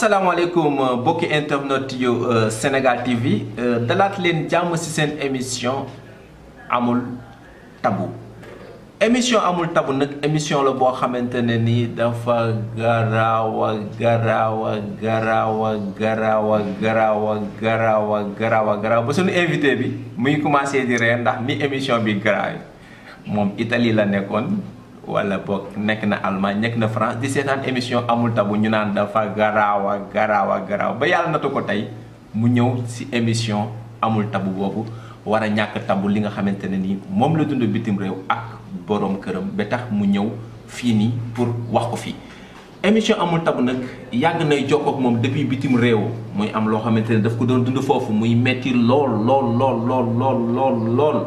asalaamaaleykum euh, mbokki internet yu euh, Sénégal TV euh, dalaat leen jàmm ci seen émission amul tabu émission amul tabu nag émission la boo xamante ne ni dafa garaawa garaawa garaawa garaawa garaawa garaawa garaawa garaawa ba suñu invité bi muy commencé di ree ndax ni émission bi garaaw moom Italie la nekkoon wala boog nekk na Allemagne nekk na France di seetaan émission amul tabu ñu naan dafa garaaw a garaaw ba yàlla natu ko tey mu ñëw si émission amul tabu boobu war a ñàkk tabu li nga xamante ne nii moom la dund bitim réew ak boroom këram ba tax mu ñëw fii nii pour wax ko fii. émission amul tabu nag yàgg nay jox ak moom depuis bitim réew muy am loo xamante ne daf ko doon dund foofu muy metti lool lool lool lool lool lool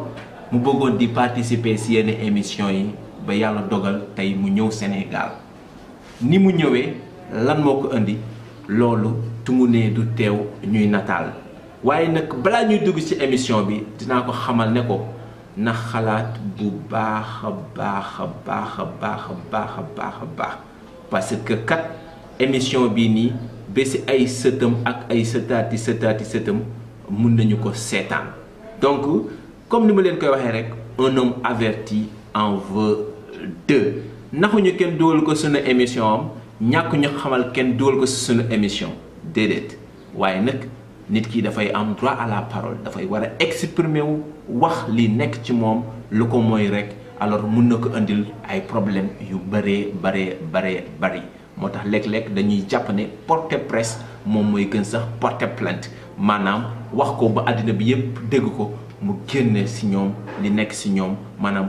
mu bëggoon di participer si yenn émission yi ba yàlla dogal tey mu ñëw Sénégal ni mu ñëwee lan moo ko indi loolu tungu ne du teew ñuy nataal waaye nag balaa ñuy dugg ci émission bi dina ko xamal ne ko na xalaat bu baax a baax a baax a baax a baax parce que kat émission bii nii ba ay sëtam ak ay sëtaati sëtaati sëtam mun nañu ko seetaan donc comme ni ma leen koy waxee rek un homme averti en veut deux naxuñu kenn dugal ko suñu émission am ñàkk ñu xamal kenn dugal ko si suñu émission déedéet waaye nag nit kii dafay am droit à la parole dafay war a exprimer wu wax li nekk ci moom lu ko mooy rek alors mun na ko indil ay problème yu bëree bëree bëree bari moo tax léeg-léeg dañuy jàpp ne porte presse moom mooy gën sax porte plainte maanaam wax ko ba àddina bi yépp dégg ko mu génne si ñoom li nekk si ñoom maanaam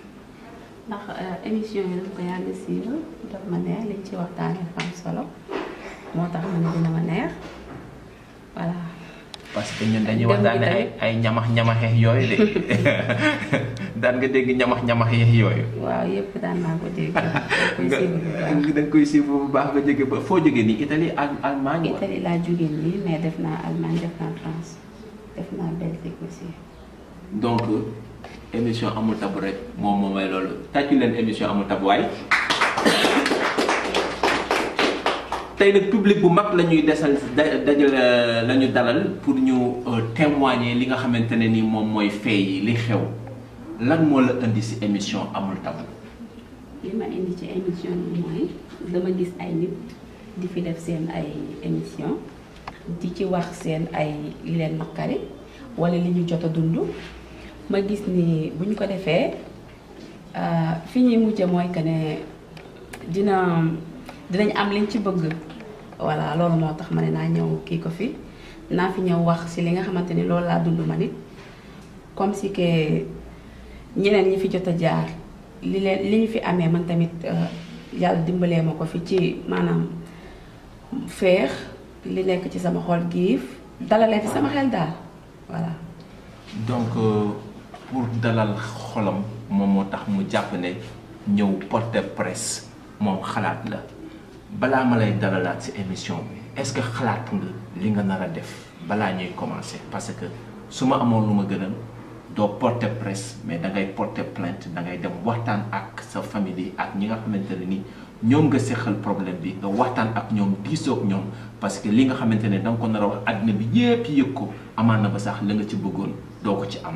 ndax émission yi dama ko yàgg siiw daf ma neex liñ ci waxtaan yi am solo moo tax ma dina ma neex voilà. parce que ñun dañuy waxtaane ay ay ñamax ñamaxeex yooyu de daan nga dégg ñamax ñamaxeex yooyu. waaw yëpp daan naa ko dégg. da nga koy suivre bu baax ba jóge ba foo jóge nii Italie ak Allemagne. Italie laa jóge nii mais def naa Allemagne def naa France def naa Belgique aussi. donc. émission amul tabu rek moom émission amul tabu waay le public bu mag lañuy dajal mon dalal pour ñu euh, témoigner li nga xamante ni à une yi li xew lan mon la indi ci émission amul tabu. li ma indi ci émission bi mooy dama gis ay nit di fi def seen ay émission di ci wax seen ay leen li ñu a dund. ma gis nii bu ñu ko defee euh, fi ñuy mujje mooy que ne dina dinañ am liñ ci bëgg voilà loolu moo tax ma ne naa ñëw kii ko fi naa fi ñëw wax si li nga xamante ni loolu laa dund ma nit comme si que ñeneen ñi fi jot a jaar li leen li ñu fi amee man tamit euh, yàlla dimbalee ma ko fi ci maanaam feex li nekk ci sama xol giif dalalee fi sama xel daal voilà donc euh, pour dalal xolam mom motax mu japp ne ñew porte presse mom xalaat la bala ma lay dalalaat si émission bi est ce que xalaat nga li nga nara def bala ñuy commencer parce que suma amon luma gënal do porte presse mais da ngay porte plainte da ngay dem waxtan ak sa famille ak ñi nga xamanteni ni ñom nga sexal problème bi nga waxtan ak ñom disok ñom parce que li nga xamanteni ne da nga ko nara wax adna bi yépp yékk ko amana ba sax la nga ci bëggoon doko ci am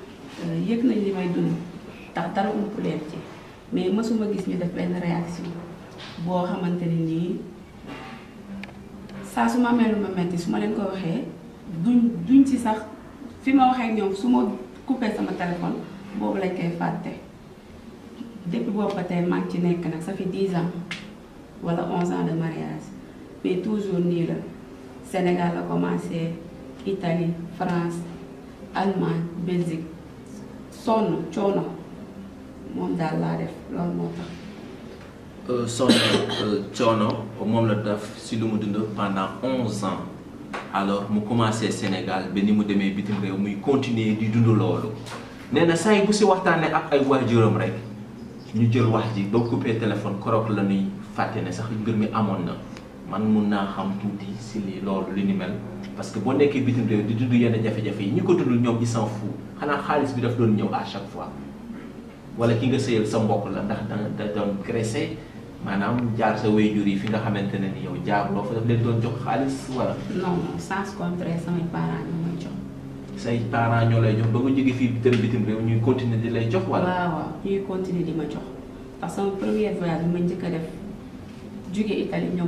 Eh, yëg nañ li may dund tax dara ump leen ci mais mësuma gis ñu def benn réaction boo xamante ni nii saa su ma melu ma metti su ma leen ko waxee duñ duñ ci sax fi ma waxee ñoom su ma coupé sama téléphone boobu lañ koy fàtte depuis boobu ba tey maa ci nekk nag sa fi 10 ans wala 11 ans de mariage mais toujours nii la Sénégal la commencé Italie France Allemagne Belgique son coono mom daal la def loolu moo tax. Euh, son euh, coono mom la def si luma mu dund pendant 11 ans alors mu commencé Sénégal ben ni mu démé bitim réew muy continuer di dund loolu néna say bu si waxtaanee ak ay waajuram rek ñu jël wax ji ba coupé téléphone korok la ñuy faté né sax mbir mi amon na man mun naa xam tuuti si li loolu li ni mel. parce que boo nekkee bitim réew di dund yenn jafe-jafe yi ñi ko tudd ñoom ils s'en fout xanaa xaalis bi daf doon ñëw à chaque fois wala ki nga sëyal sa mbokk la ndax da doon cressé maanaam jaar sa waajur yi fi nga xamante ne ni yow jaaruloo fa daf leen doon jox xaalis wala. non non sans contraire samay parents ñoo may jox. say parents ñoo lay jox ba nga jógee fii dem bitim réew ñuy continuer di lay jox wala. waaw ñuy continuer di ma jox parce que sama première voyage njëkk a def jóge Italie ñëw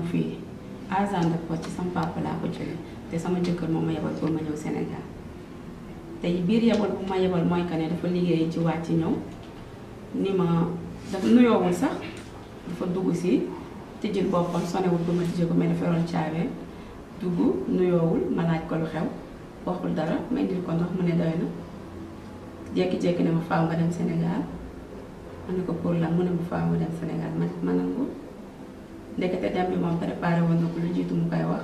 te sama jëkkër moom ma yebal pour ma ñëw Sénégal tey biir yebal bu ma yebal mooy que ne dafa liggéey ci wàcc ñëw ni ma dafa nuyoowul sax dafa dugg si tijjil boppam sonewul ba ma tijjee ko mais dafa yoroon caabeem dugg nuyoowul ma laaj ko lu xew waxul dara ma indil ko ndox mu ne doy na jékki-jékki ne ma faaw nga dem Sénégal ma ne ko pour lan mu ne ma faaw nga dem Sénégal ma ma nangu ndekete dem bi moom préparé woon na ko lu jiitu mu koy wax.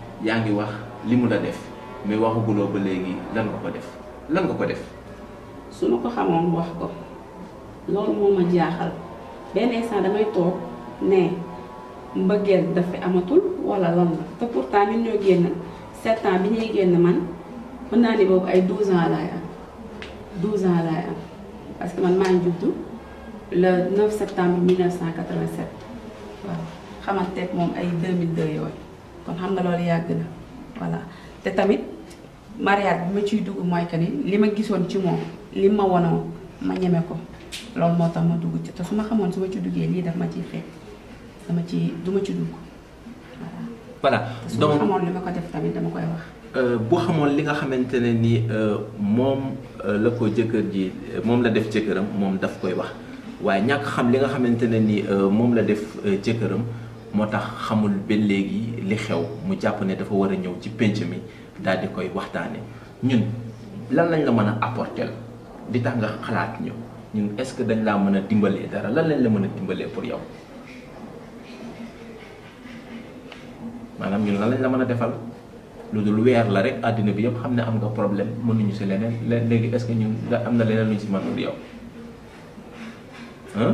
yaa ngi wax li mu la def mais waxaguloo ba léegi lan nga ko def la nga ko def. su ma ko xamoon wax ko loolu moo ma jaaxal benn instant damay toog ne mbëggeel daf amatul wala lan la te pourtant ñun ñoo génn sept ans bi ñuy génn man mën naa ne boobu ay douze ans laay am douze ans laay am parce que man maa ngi le 9 septembre 1987 waaw moom ay 2002 yooyu. kon xam nga loolu yàgg na voilà te tamit mariage bi ma ciy dugg mooy que ni li ma gisoon ci moom li ma wonoon ma ñeme ko loolu moo tax ma dugg ci te su ma xamoon su ma ci duggee lii daf ma ciy fekk dama ci du ma ci dugg voilà. donc su xamoon li ma ko def tamit dama koy wax. Euh, bu xamoon li nga xamante ne ni euh, moom euh, la ko jëkkër ji moom la def jëkkëram moom daf koy wax waaye ñàkk xam li nga xamante ne nii moom la def jëkkëram moo tax xamul benn léegi li xew mu jàpp ne dafa war a ñëw ci pénc mi daal di koy waxtaane ñun lan lañ la mën a apporter di tax nga xalaat ñu ñun est-ce que dañ laa mën a dimbalee dara lan lañ la mën a dimbalee pour yow maanaam ñun lan lañ la mën a defal lu dul weer la rek àddina bi yëpp xam ne am nga problème mënuñu si leneen léegi est-ce que ñun am na leneen lu ñu si mënul yow ah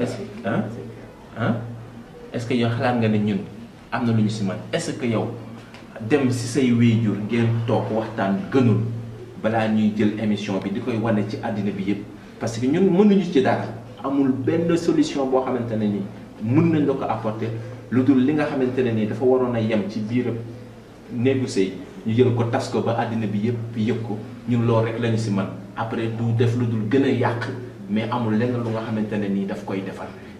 est-ce que ah est que yow xalaat nga ne ñun am na lu ñu si man est-ce que yow dem si say wéyjur ngeen toog waxtaan gënul balaa ñuy jël émission bi di koy wane ci àddina bi yëpp parce que ñun mënuñu ci dara amul benn solution boo xamante ne nii mën nañ ko apporter lu dul li nga xamante ne nii dafa waroon a yem ci biir néegu sëy ñu jël ko tas ko ba àddina bi yëpp yëg ko ñun lool rek lañu si man après du def lu dul gën a yàq mais amul lenn lu nga xamante ne nii daf koy defal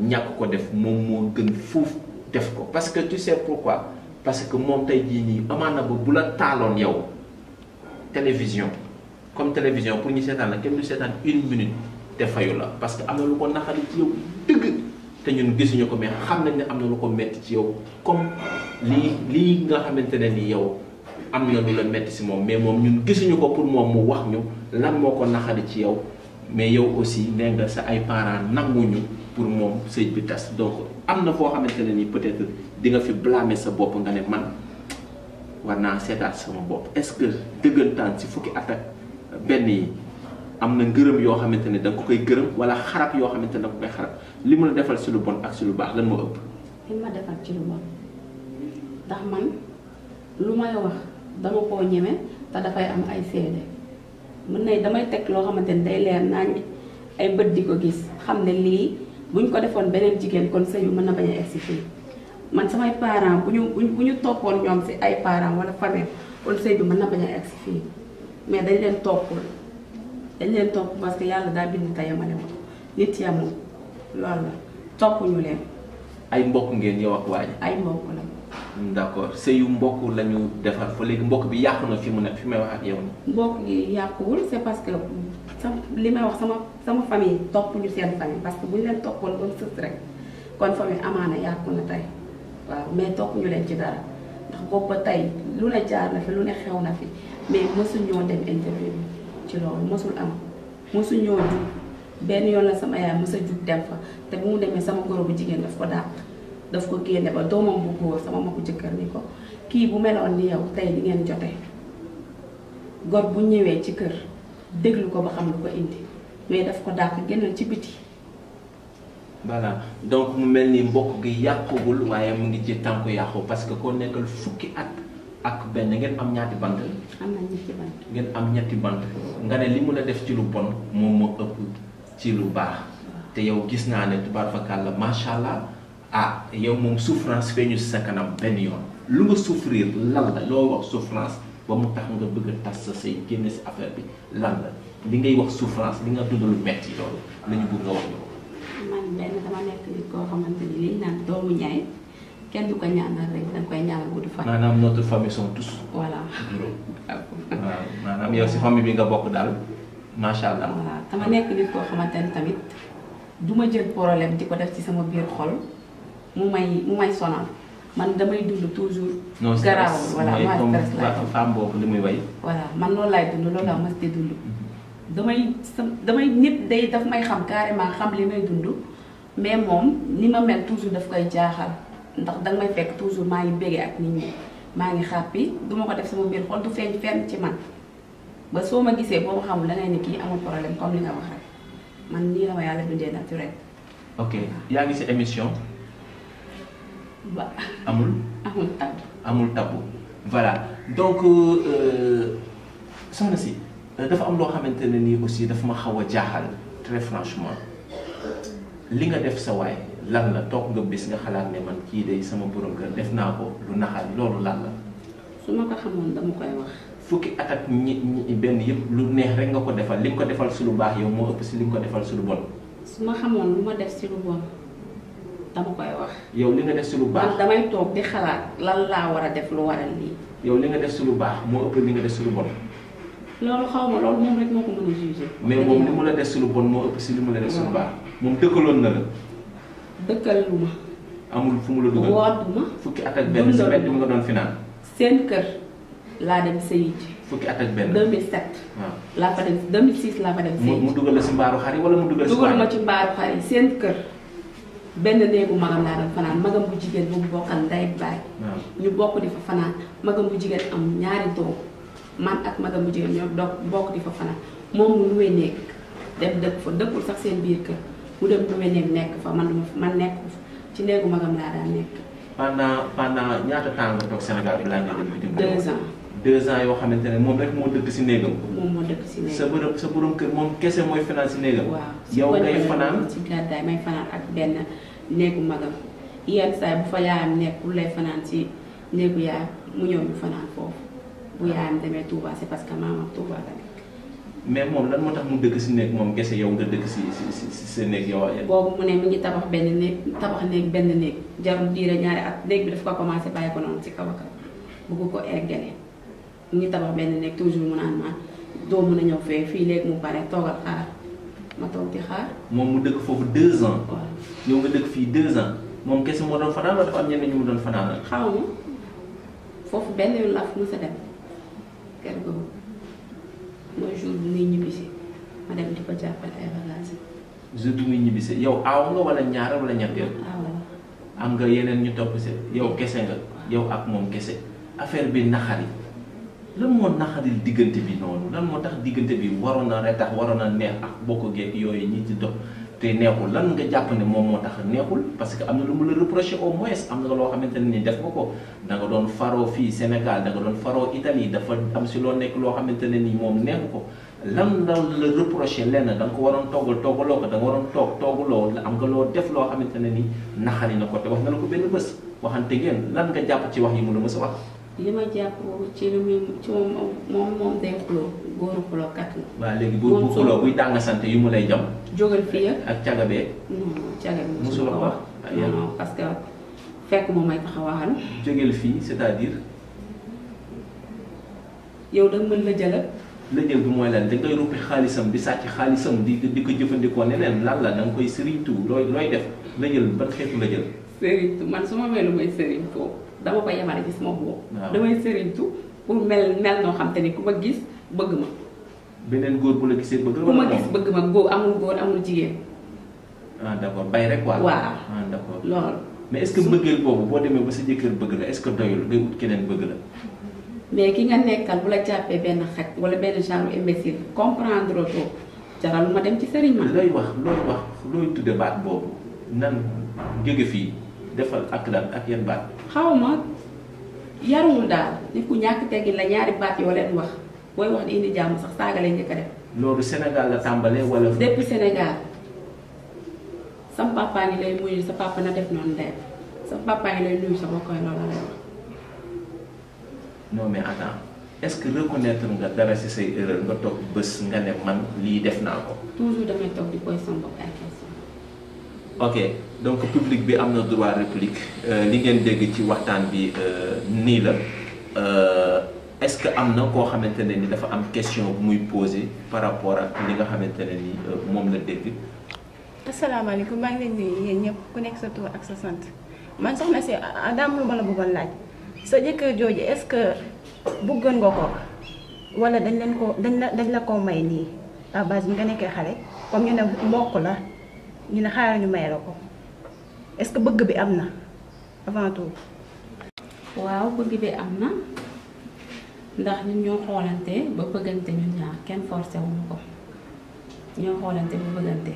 ñàkk ko def mom mo gën fouf def ko parce que tu sais pourquoi parce que mom tay ji ni amana na ba bu la taaloon yow télévision comme télévision pour ñu sétane la kenn du sétane une minute te fayu la parce que am lu ko naqari ci yow deug te ñun gisuñu ko mais xam nañ ne amna lu ko metti ci yow comme li li nga xamantene ni yow amna lu la metti ci mom mais mom ñun gisuñu ko pour mom mu wax ñu lan moko ko ci yow mais yow aussi nee nga sa ay parents nanguñu pour moom sëy bi tas donc am na foo xamante ne ni peut-être di nga fi blâmer sa bopp nga ne man war naa seetaat sama bopp est dëggantaan si fukki at ak benn yi am na ngërëm yoo xamante ne da nga koy gërëm wala xarab yoo xamante ne da nga li mu defal si lu bon ak si lu baax lan moo ëpp. li ma ci lu bon lu may wax dama te dafay am ay seede mën na damay teg loo xamante ne day leer nañ ay bët di ko gis xam ne lii. buñ ko defoon beneen jigéen kon sëy bi mën na bañ a egsi fii man samay parent bu ñu bu ñu toppoon ñoom si ay parent wala famille kon sëy bi mën na bañ a egsi fii mais dañ leen toppul dañ leen topp parce que yàlla daa bind te yemale ko nit yamul loolu la toppuñu leen. ay mbokk ngeen yow ak waaj. ay mbokk la. d' accord sëyu mbokk la ñu defar fa léegi mbokk bi yàqu na fi mu ne fi may wax ak yow nii. mbokk gi yàquwul c' est parce que. sama li may wax sama sama famille topp ñu seen famille parce que bu ñu leen toppoon ba mu sës rek kon famille amaana yàqu na tey waaw mais topp ñu leen ci dara ndax boobu ba tey lu ne jaar na fi lu ne xew na fi mais mosuñoo dem interview ci loolu mosul am mosuñoo jug benn yoon la sama yaay mos a jug dem fa te bu mu demee sama goro bu jigéen daf ko dàq daf ko génne ba doomam bu góor sama ma ko jëkkër ni ko kii bu meloon ni yow tey di ngeen jotee gor bu ñëwee ci kër déglu ko ba xam lu ko indi mais daf ko dàq génnal ci biti. voilà donc mu mel ni mbokk gi yàquwul waaye mu ngi ci tànku yàqu parce que koo nekkal fukki ak ak benn ngeen am ñaati bant. am ñetti bant. ngeen am ñetti bant nga ne li mu la def ci lu bon moom moo ëpp ci lu baax. te yow gis naa ne tubaar fakàlla macha allah ah yow moom souffrance feeñu si sa kanam benn yoon lu nga souffrir lan loo wax souffrance. ba mu tax nga bëgg a sa say génne ci affaire bi lan la li ngay wax souffrance li nga dund lu metti loolu lañu bëgg nga wax ñu man benn dama nekk nit koo xamante ni liñ naan doomu ñaay kenn du ko ñaanal rek da koy ñaanal bu du fa maanaam notre famille sont tous. voilà. waaw maanaam yow si famille bi nga bokk daal macha allah. voilà dama nekk nit koo xamante ni tamit duma jël problème di ko def ci sama biir xol mu may mu may sonal. man damay dund toujours. non stress voilà mooy comme muy way. voilà man loolu laay dund loolu laa mës dund. Mm-hmm. damay damay nit day daf may xam carrément xam li may dund mais moom ni ma mel toujours daf koy jaaxal ndax danga may fekk toujours maa ngi bége ak nit ñi maa ngi xàppi du ma ko def sama biir xol du feeñ fenn ci man ba soo ma gisee boo ma xamul da ngay kii amul problème comme li nga wax rek man nii la ma yàlla bindee naturel. ok yaa ngi si émission. amul. amul tabb amul tabb voilà donc euh, soxna si euh, dafa am loo xamante ne nii aussi dafa ma xaw a jaaxal très franchement li nga def sa waay lan la toog nga bis nga xalaat ne man kii day sama borom kër def naa ko lu naxal loolu lan la. su ma ko xamoon dama koy wax. fukki at ak ñi ñi benn yëpp lu neex rek nga ko defal li nga ko defal si lu baax yow moo ëpp si li nga ko defal si lu bon. su ma xamoon lu ma def si lu bon. dama koy wax. yow li nga def si lu baax damay toog di xalaat lan laa war a def lu waral lii. yow li nga def si lu baax moo ëpp li nga def si lu bon. loolu xaw ma loolu moom rek moo ko mën a jugé. mais moom li mu la def si lu bon moo ëpp si li mu la def si lu baax. moom dëkkaloon na la. dëkkal lu ma. amul fu mu la dugal wootu fukki at ak benn si wet bi nga doon fi naan. seen kër laa dem sëyi ji. fukki at ak benn 2007. waaw laa fa laa fa dem sëyi ji. mu dugal la si mbaaru xar wala mu dugal. si mbaaru dugal ma ci mbaaru seen kër. benn néegu magam laa doon fanaan magam bu jigéen bu bokkal ndey baay ñu bokk di fa fanaan magam bu jigéen am ñaari doom man ak magam bu jigéen ñoo doog bokk di fa fanaan moom mu luwe néeg dem fa dëkkul sax seen biir kër mu dem luwe néeg nekk fa man duma man nekk ci néegu magam laa daan nekk pendant pendant ñaata temps nga toog Sénégal bi laa nga dem bitim deux ans yoo xamante ne moom rek moo dëkk si néegam. moom moo dëkk si néegam sa borom sa borom kër moom kese mooy fanaan si néegam. yow ngay fanaan si gàddaay may fanaan ak benn néegu magam yenn saa bu fa yaayam fanaan si néegu yaayam mu ñëw ñu fanaan foofu bu yaayam demee parce que maam mais moom lan moo tax mu dëkk si néeg moom kese yow nga dëkk si si si si sa néeg yow. boobu mu ne mi ngi tabax benn néeg tabax néeg benn néeg jarul diire ñaari at néeg bi daf ko commencé bàyyi ko noonu si kaw a kaw bëgg ko eggalee. ñu tabax benn nekk toujours mu naan maan doo mën a ñëw fee fii léegi mu pare toogal xaar ma toog di xaar. moom mu dëkk foofu deux ans. waaw nga dëkk fii deux ans moom kese moo doon fanaan wala dafa am ñu mu doon fanaan. xaw ma yow aaw nga nga yeneen ñu topp si yow kese nga. yow ak moom kese affaire bi naxari. lan moo naxaril diggante bi noonu lan moo tax diggante bi waroon na tax waroon na neex ak bokk geeg yooyu ñi ci dox te neexul lan nga jàpp ne moom neexul parce que am na lu mu la reproché au moins am na loo xamante ne ni def nga ko da nga doon faroo fii Sénégal da doon faroo Italie dafa am si loo nekk loo xamante ne ni moom neexu ko lan la la reproché lenn da nga ko waroon toggal toggaloo ko da nga waroon toog toggaloo am nga loo def loo xamante ne ni naxari na ko te wax na waxante ngeen lan nga jàpp ci wax yi mu la mës a wax. li ma jàpp ci li muy ci moom moom moom day xuloo góoru xuloo kat la. waaw léegi bu bu buy dàng yu mu lay jam. jógal fii ak cagabee. non cagabee wax non que fekk moom may taxawaal. jógal fii c'est-à-dire. yow da mën la jëlal. lëjël bi mooy lan da ruppi xaalisam bi sàcc xaalisam di di ko jëfandikoo neneen lan la da koy sëriñtu looy looy def lëjël ban xeetu lëjël. sëriñtu man su ma mel ni mooy sëriñtu. dama ko yemale ci sama bopp. damay sëriñtu pour mel mel noo xam te ni ku ma gis bëgg ma. beneen góor bu la gisee bëgg la ku ma gis bëgg ma góor amul góor amul jigéen. ah d' accord bay rek waaw. waaw ah mais est ce boobu boo demee ba sa jëkkër bëgg la est ce que doyul ngay wut keneen bëgg la. mais ki nga nekkal bu la jàppee benn xaj wala benn genre imbécile comprendre trop jaral ma dem ci sëriñ ma. looy wax looy wax looy tudde baat boobu nan jóge fii. defal ak lan ak yan baat. xaw ma yaruwul daal nit la ñaari baat yoo leen wax booy wax di indi jàmm sax saaga lañ njëkk a def. loolu Sénégal la tàmbalee wala. depuis Sénégal sam papa ni lay muyu sa papa def noonu ndeyam sa yi lay nuyu sama koy loolu lay wax. non mais attends est-ce que reconnaître nga dara ci say erreur nga toog bés nga ne man lii def naa ko. toujours damay toog di koy sama bopp ay question. ok. donc public bi amna na droit réplique euh, li ngeen dégg ci waxtaan bi euh, ni la euh, est-ce que amna ko xamantene ni dafa am question bu muy poser par rapport ak li nga xamantene ni mom la dégg. asalaamaaleykum ma ngi leen di nuyu yéen ku nekk sa tour ak sa sant man soxna ci adam lu ma la bëggoon laaj sa jëkkër jooju est-ce que bëggoon nga ko wala dañ leen ko dañ la dañ la ko may ni à base bi nga nekkee xale comme ñu ne mbokk la ñu ne xaaral ñu may la ko. est-ce que bëgg bi am na avant waaw bëgg bi am na ndax ñun ñoo xoolante ba bëggante ñun ñaar kenn forcé wuñu ko ñoo xoolante ba bëggante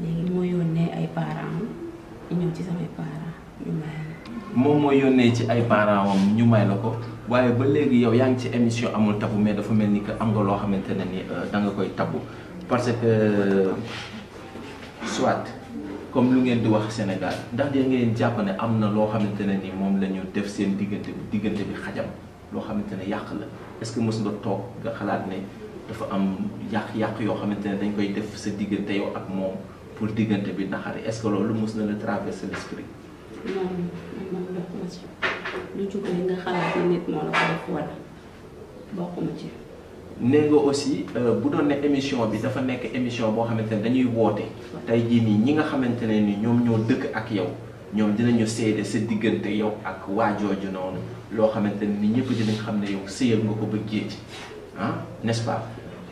léegi moo yónnee ay parents am ñëw ci samay parents moom moo yónnee ci ay parents am ñu may la ko waaye ba léegi yow yaa ngi ci émission amul tabu mais dafa mel ni que am nga loo xamante ne ni euh, da nga koy tabu parce que soit. comme lu ngeen di wax Sénégal ndax da ngeen jàpp ne am na loo xamante ne ni moom la def seen diggante diggante bi xajam loo xamante ne yàq la est-ce que mës nga toog nga xalaat ne dafa am yàq-yàq yoo xamante ne dañ koy def sa diggante yow ak moom pour diggante bi naxari est-ce que loolu mës na la traverser l'esprit. lu jóg li nga xalaat ne nit moo ko def wala bokkuma ci. nee nga aussi euh, bu doon ne émission bi dafa nekk émission boo xamante ne dañuy woote. tey jii nii ñi nga xamante ne nii ñoom ñoo dëkk ak yow ñoom dinañu seede sa diggante yow ak waajooju noonu loo xamante ne ni ñëpp dinañ xam ne yow sëyal nga ko ba géej ah n'est-ce pas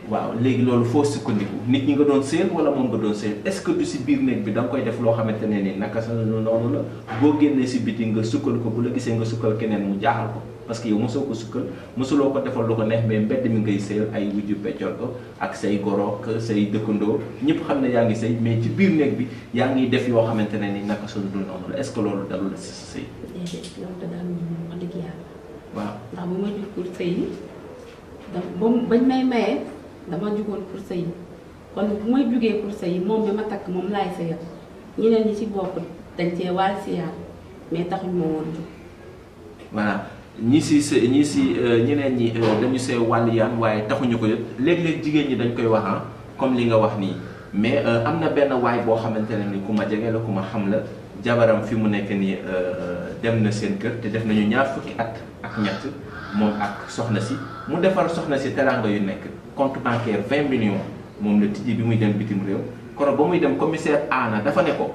waaw léegi loolu foo sukkandiku nit ñi nga doon sëyal wala moom nga doon sëyal est-ce que si biir néeg bi da nga koy def loo xamante ne ni naka sa noonu la boo génnee si biti nga sukkal ko bu la gisee nga sukkal keneen mu jaaxal ko parce que yow mosoo ko sukkal mosuloo ko defal lu ko neex mais mbedd mi ngay seyal ay wujju peccor ko ak say gorook say dëkkandoo ñëpp xam ne yaa ngi sëy mais ci biir néeg bi yaa ngi def yoo xamante ne ni naka sunu dul noonu la est ce que loolu dalu la si sa sëy waaw ndax bu ma jug pour sëy da bañ may maye dama jugoon pour sëy kon bu may jugee pour sëy moom bi ma takk moom laay sëyal ñeneen ñi ci bokk dañ cee waal mais taxuñ ma woon jug voilà ñi si s ñi si euh, ñeneen ñi euh, dañu see wàll yaan waaye taxuñu ko yëpp léeg-léeg jigéen ñi dañ koy wax ah comme li nga wax nii mais euh, am na benn waay boo xamante ne ni ku ma jege la ku ma xam la jabaram fi mu nekk nii dem na seen kër te def nañu ñaar fukki at ak ñett moom ak soxna si mu defar soxna si teraanga yu nekk compte bancaire 20 millions moom la tijji bi muy dem bitim réew koro ba muy dem commissaire Anna dafa ne ko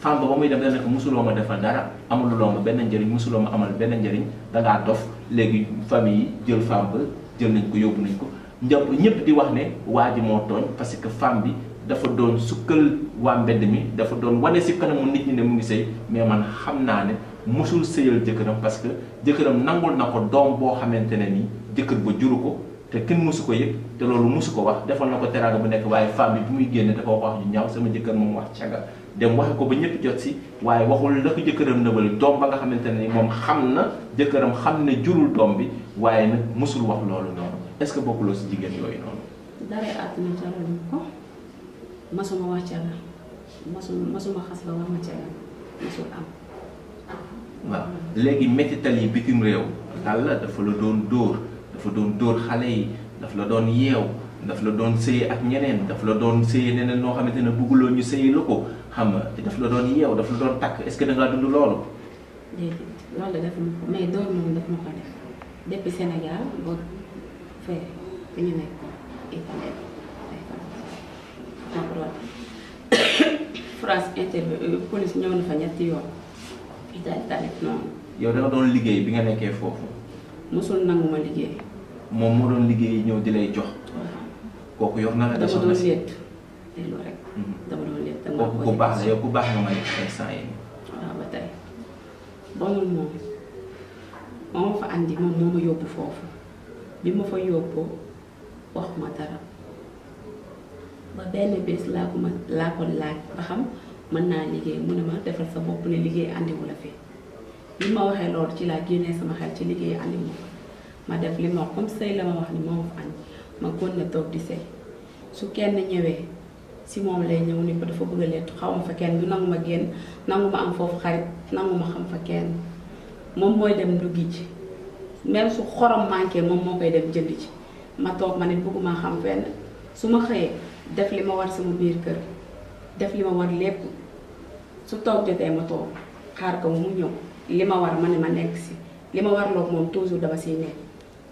femme ba ba muy dem dana ko mosuloo ma defal dara amululoo benn njëriñ mosuloo ma amal benn njëriñ dangaa dof léegi famille yi jël jël nañ ko yóbbu nañ ko njëpp ñëpp di wax ne waa ji moo tooñ parce que femme bi dafa doon sukkal waa mbedd mi dafa doon wane si kanamu nit ñi ne mu ngi man xam naa ne mosul sëyal jëkkëram parce que jëkkëram nangul na ko doom boo xamante ne nii jëkkër ba juru ko te kenn mosu ko yëg te loolu mosu ko wax defal na ko teraanga bu nekk waaye femme bi bu muy génne dafa wax wax ju ñaaw sama jëkkër moom wax caga dem waxe ko ba ñëpp jot si waaye waxul la ko jëkkëram nëbal doom ba nga xamante ne ni moom xam na jëkkëram xam ne jurul doom bi waaye nag mosul wax loolu noonu est-ce que bokkuloo si jigéen yooyu noonu. daree àdduna jaraluma ko masuma wax ca la xas la wax ma ca la am. waaw léegi métital yi bitim réew. Talla dafa la doon dóor dafa doon dóor xale yi dafa la doon yeew dafa la doon sëye ak ñeneen dafa la doon sëye neneen noo xamante ne bëgguloo ñu sëye la ko. xam nga daf la doon yeew daf la doon takk est-ce dund loolu. déedéet loolu la def ma ko mais door moom daf ma ko def depuis Sénégal ba fee fi ñu nekkoon Italie France interview euh, police ñëw na fa ñetti yoon Italie noonu. yow da doon liggéey bi nga nekkee foofu. mosul nangu ma liggéey. moom moo doon liggéey ñëw di lay jox. kooku yor na la. dama doon létt mhm. dama doon létt. kooku ku baax la yow ku baax nga may instant yi. waaw ba tey bonul moom ma yóbbu foofu bi ma fa yóbbu wax ma dara ma laa ko laaj ba mën naa liggéey mu ne ma defal sa bopp ne liggéey andiwu la fi bi ma waxee loolu ci laa génnee sama xel ci liggéey andiwu ma ma def li ma wax comme sëy la ma wax ni ma gën na toog di sëy su kenn ñëwee. si moom lay ñëw ni ko dafa bëgg a leetu xawma fa kenn du nangu ma génn nangu ma am foofu xarit nangu ma xam fa kenn moom mooy dem duggi ji même su xorom manqué moom moo koy dem jënd ji ma toog ma ne bëgguma xam fenn su ma xëyee def li ma war sama biir kër def li ma war lépp su toog jotee ma toog xaar ko mu ñëw li ma war ma ne ma nekk si li ma war loog moom toujours dama siy nekk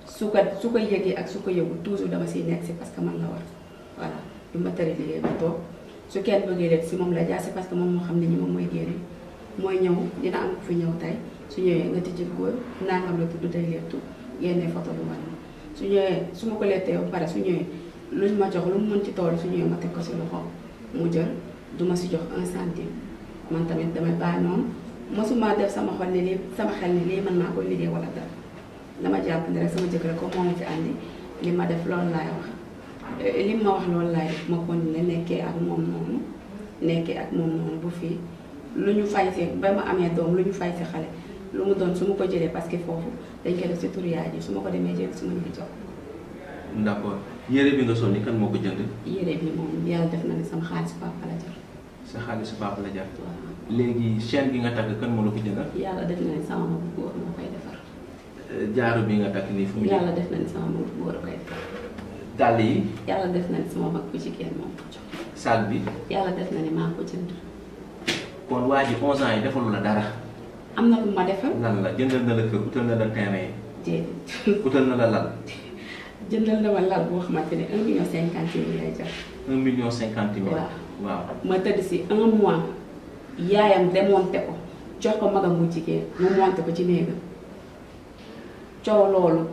su ko su ko yëgee ak su ko yëgul toujours dama siy nekk si parce que man la war lu ma tere liggéey ma toog su kenn bëggee def si moom la jaase parce que moom moo xam ne ñi moom mooy génne mooy ñëw dina am fi ñëw tey su ñëwee nga tijjil ko nangam la tudd tey léttu génne photo bu war su su ma ko lettee ba pare su ñëwee luñ ma jox lu ma mën ci tool su ñëwee ma teg ko si loxo mu jël du ma si jox un centime man tamit damay bàyyi noonu mosuma def sama xol ne lii sama xel ne lii mën naa koy liggéey wala dara dama jàpp ne rek sama jëkkër ko moo ma ci àndi li ma def loolu laay wax. li ma wax loolu laay ma continué nekkee ak moom noonu nekkee ak moom bu fii lu ñu fay si ba ma amee doom lu ñu fay si xale lu mu doon su ma ko jëlee parce que foofu dañ koy def si tur yaay su ma ko demee jël su ma ñu jox. yére bi nga sonni kan moo ko jënd. yére bi moom yàlla def na ne sama xaalisu papa la jar. sa xaalisu papa la léegi chaîne bi nga takk kan moo la ko jëndal. yàlla def na ne sama mag bu góor moo koy defar. jaaru bi nga takk nii fu mu. yàlla def na ne sama mag bu góor dàll yi. yàlla def na ni sama mag bu jigéen moom ko jox. saag bi. yàlla def na ni maa ko jënd. kon waa ji 11 ans yi defalu la dara. am na lu ma defal. lan la jëndal na la kër utal na la terrain. déedéet utal na la lal. jëndal na ma lal boo xamante ne 1 million 50 mille lay jar. 1 million 50 mille. waaw waaw. ma tëdd si un mois. yaayam démonté ko jox ko magam bu jigéen mu monté ko ci néegam coow loolu.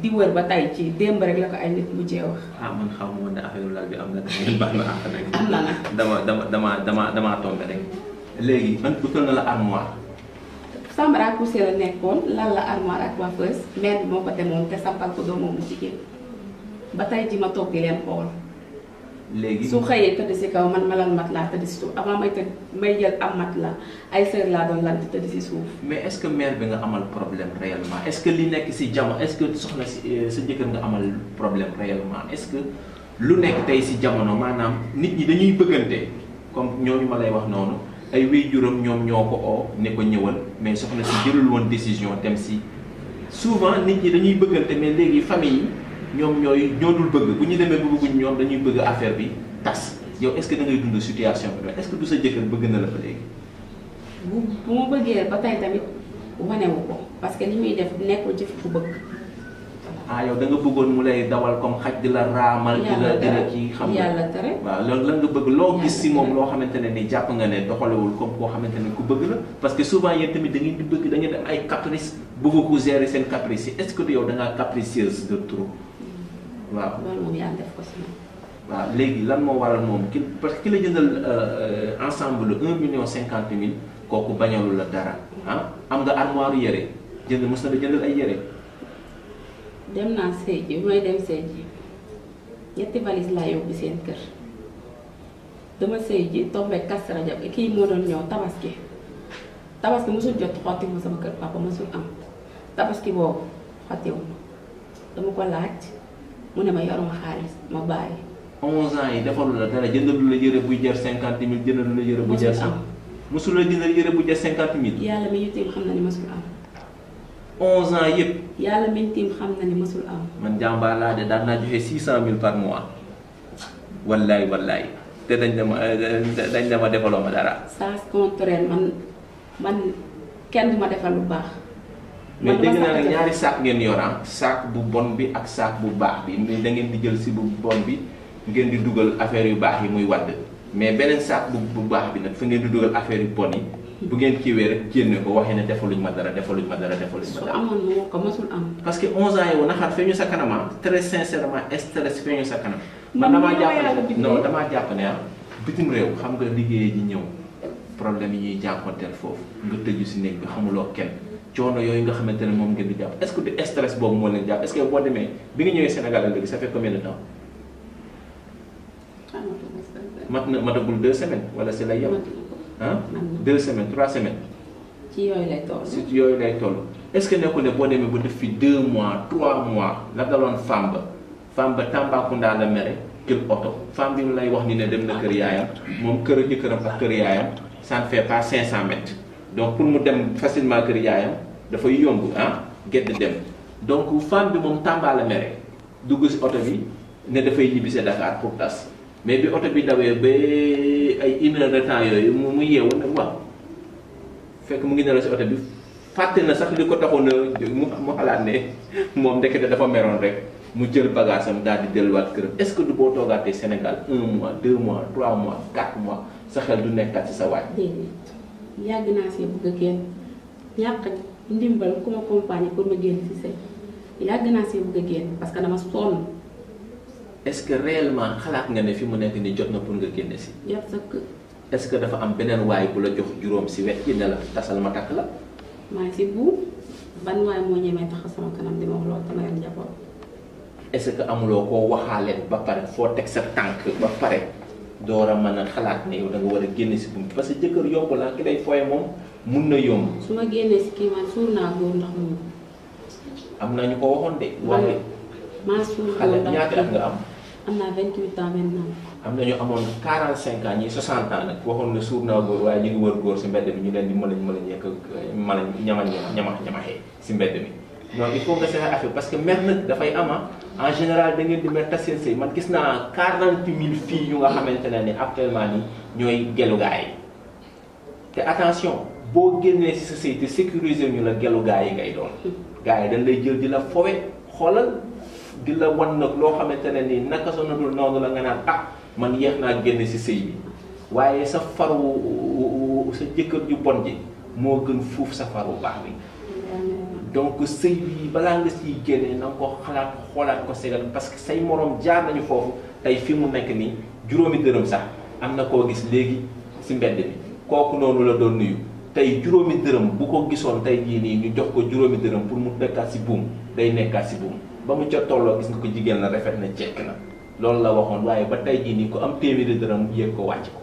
di wër ba tay ci démb rek la ko ay nit mu mujjee wax. ah man xaw ma ne affaire laal bi am na tamit baal ma àq nag. am na la dama dama dama dama dama rek. léegi man utal na la armoire. Sambara ak Poussé nekkoon lan la armoire ak coiffeuse mère bi moo ko demoon te sampal ko doomam bu jigéen ba tay ji ma toog leen xool. léegi su xëyee tëdd si kaw man ma lal mat laa tëdd si suuf avant may tëdd may jël am mat laa ay sër laa doon lan di tëdd si suuf. mais est-ce que mère bi nga amal problème réellement est-ce que li nekk si jamono est-ce que soxna si euh, sa jëkkër nga amal problème réellement est-ce que lu nekk tey si jamono maanaam nit ñi dañuy bëggante comme ñooñu ma lay wax noonu ay waajuram ñoom ñoo ko oo ne ko ñëwal mais soxna si jëlul woon décision dem si souvent nit ñi dañuy bëggante mais léegi famille ñoom ñooy ñoo dul bëgg bu ñu demee ba bëgguñ ñoom dañuy bëgg affaire bi tas yow est-ce que da dund situation bi est-ce que du sa jëkkër bëgg na la fa léegi. bu bu bëggee ba tey tamit wanewu parce que li muy def nekkul ku bëgg. ah yow da nga mu lay dawal comme xaj la raamal. di la di la kii xam nga loolu lan bëgg loo gis si moom loo xamante ne ni jàpp nga ne doxalewul comme koo xamante ne ku bëgg la. parce que souvent yéen tamit da ngeen di bëgg da ngeen di am ay caprice seen caprice yi est que yow da ngaa capricieuse de trop. waaw loolu moom yàlla def ko si lan moo waral moom ki parce que ki la jëndal euh, euh, ensemble un million cinquante mille kooku bañalu la dara ah am nga armoire yére jënd mos na la jëndal ay yére. dem naa sëy ji bi may dem sëy ji ñetti valise laa yóbbu seen kër dama sëy ji tombé kas rajab kii moo doon ñëw tabaski tabaski mosul jot xotti ma sama kër papa mosul am tabaski bo xottiwu ma dama ko laaj. mu ne ma yoruma xaalis ma bàyyi. 11 ans yi defalu la dara jëndalu la yëre buy jar cinquante 000 jëndalu la yére buy jar. mosul am mosul la jëndal yëre bu jar 50 000. yàlla mi ñu tiim xam na ni mosul am. 11 ans yëpp. yàlla mi ñu xam na ni mosul am. man jàmbaar laa de daan naa joxe cent 000 par mois wallaay wallaay te dañ dama dañ dama defaloo ma dara. sans contraire man man kenn du defal bu baax. mais dégg naa ne ñaari saak ngeen yoraan ah, saak bu bon bi ak saak bu baax bi mais da ngeen di jël si bu bon bi ngeen di dugal affaire yu baax yi muy wadd mais beneen saak bu bu baax bi nag fa ngeen di dugal affaire yu bon yi bu ngeen kiiwee rek génne ko waxee ne defaluñ ma dara defaluñ ma dara defaluñ ma dara. su amoon moo am. parce que 11 ans yow naxaat feeñu sa kanam ah, très sincèrement stress feeñu sa kanam. man damaa jàpp ne damaa jàpp ne ah bitim réew xam nga liggéey ji ñëw problème yi ñuy jànkonteel foofu nga si néeg bi xamuloo kenn coono yooyu nga xamante ne moom ngeen di jàpp est-ce que du stress boobu moo leen jàpp est-ce que boo demee bi nga ñëwee Sénégal ak léegi ça fait combien de temps. mat matagul deux semaines wala si lay yem. ah deux semaines trois semaines. ci yooyu lay toll. si yooyu lay toll est ne boo demee ba def fi deux mois trois mois la daloon femme ba femme ba Tambacounda la mere kër oto femme bi mu lay wax ni ne dem na kër yaayam moom kër jëkkëram ak kër yaayam ça ne fait pas cinq cent mètres. donc pour mu dem facilement kër yaayam dafay yomb ah gedd dem donc femme de moom Tamba la mere dugg si oto bi ne dafay ñibbise Dakar pour tas mais bi oto bi dawee ba ay une heure de temps yooyu mu mu yeewu mu ngi si oto bi fàtte sax li ko taxoon mu mu xalaat ne moom dafa meroon rek mu jël bagage am di delluwaat këram est-ce que du boo toogaatee Sénégal un mois deux mois trois mois quatre mois sa xel du sa waaj yàgg naa see bëgg a génn ñàkk ndimbal ku ma accompagner pour génn ci sëy yàgg naa see bëgg a génn parce que dama sonn. est-ce que réellement xalaat nga ne fi mu nekk ni jot na pour nga génne si. jot sëkk. est-ce que dafa am beneen waaye bu la jox juróom si wet gi ne la tasal ma takk la. maa ngi si bu ban waay moo ñemee tax sama kanam di ma wax loolu dama yor njaboot. est-ce amuloo koo waxaaleen ba pare foo teg sa tànk ba pare. door a mën a xalaat ne yow da war a génne si buum parce que jëkkër yomb laa ki lay fooye moom mun na yomb. su ma génnee si kii man suur naa góor ndax moom. am na ñu ko waxoon de. waaye maa suur góor xale ñaata at nga na ñu amoon 45 ans ñii 60 ans nag waxoon ne suur naa góor waaye ñu ngi wër góor si mbedd mi ñu leen di mën a mën a ñekk mën a ñama ñama ñamaxee si mbedd mi. non il faut nga seet affaire parce que mer nag dafay ama ah. en général da ngeen di mer tas sey man gis naa quarante mille filles yu nga xamante ne ni actuellement ni ñooy gelu gaa yi te attention boo génnee si sa sécuriser ñu la gelu gaa yi ngay doon gaa yi dañ lay jël di la fowe xoolal di la wan nag loo xamante ne ni naka sa nadul noonu la nga naan ah man yéex naa génn si sëy bi waaye sa faru sa jëkkër ju bon ji moo gën fuuf sa faru baax bi donc sëy bi balaa nga siy génnee na ko xalaat xoolaat ko segal parce que say moroom jaar nañu foofu tey fi mu nekk nii juróomi dërëm sax am na koo gis léegi si mbedd bi kooku noonu la doon nuyu tey juróomi dërëm bu ko gisoon tey gii nii ñu jox ko juróomi dërëm pour mu nekkaat si buum day nekkaat si buum ba mu jot tolloo gis nga ko jigéen la rafet na jekk na loolu la waxoon waaye ba tey gii nii ku am téeméeri dërëm yéeg ko wàcc ko.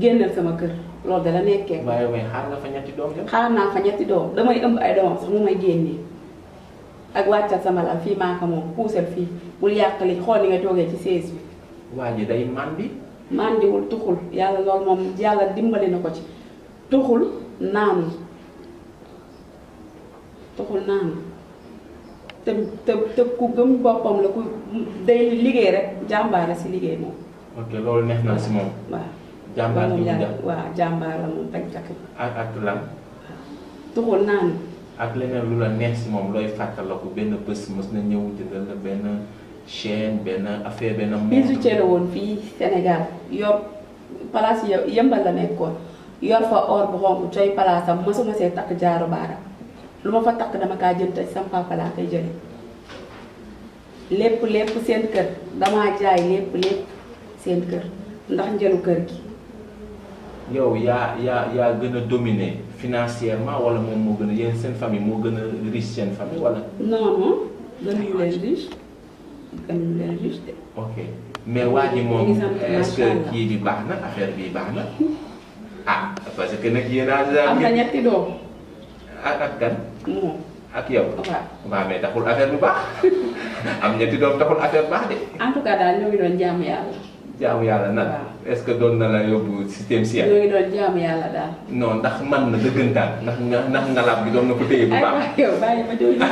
génnal sama kër loolu dala nekkee. waaye waaye xaar naa fa ñetti doom damay ëmb ay doomam sax mu may génnee ak wàccal sama lal fii maa ko moom puusal fii bul yàqali xool ni nga toogee ci sees bi. waa ji day màndi. màndiwul tuxul yàlla loolu moom yàlla dimbali na ko ci tuxul naanu tuxul naanu te te te ku gëm boppam la ku day liggéey rek jàmbaare si liggéey moom. ok loolu neex na si moom waaw. jàmbaar gi mu jàpp waaw jàmbaar la moom bañkat yi. ak lan. tuxul naa ak leneen lu la neex si moom looy fàttaliku benn bés mos na ñëw jëndal la benn chaîne benn affaire benn. bii cere woon fii Sénégal yor place yëmbal la nekkoon yor fa or bu xonk coy palaasam mosuma see takk jaaru baaraam lu ma fa takk dama kaa jënd te sama papa laa koy lépp lépp seen kër damaa jaay lépp lépp seen kër ndax njëlu kër gi. yow yaa yaa yaa gën a financièrement ou moom moo gën a famille moo gën famille non non leen riche ok mais waa ji est-ce que kii bi baax na affaire bi baax na ah parce que nag yéen a. am na ñetti doom. Ah, ak ak ak yow. mais taxul affaire bu baax am ñetti doom taxul affaire baax de. en tout cas daal ñoo doon jaamu est-ce que doon na la yóbbu système si yàlla. yooyu doon jaamu yàlla daal. non ndax man na dëggantaan ndax nga ndax ngalaab bi doon na ko téye bu baax. aywa yow bàyyi ma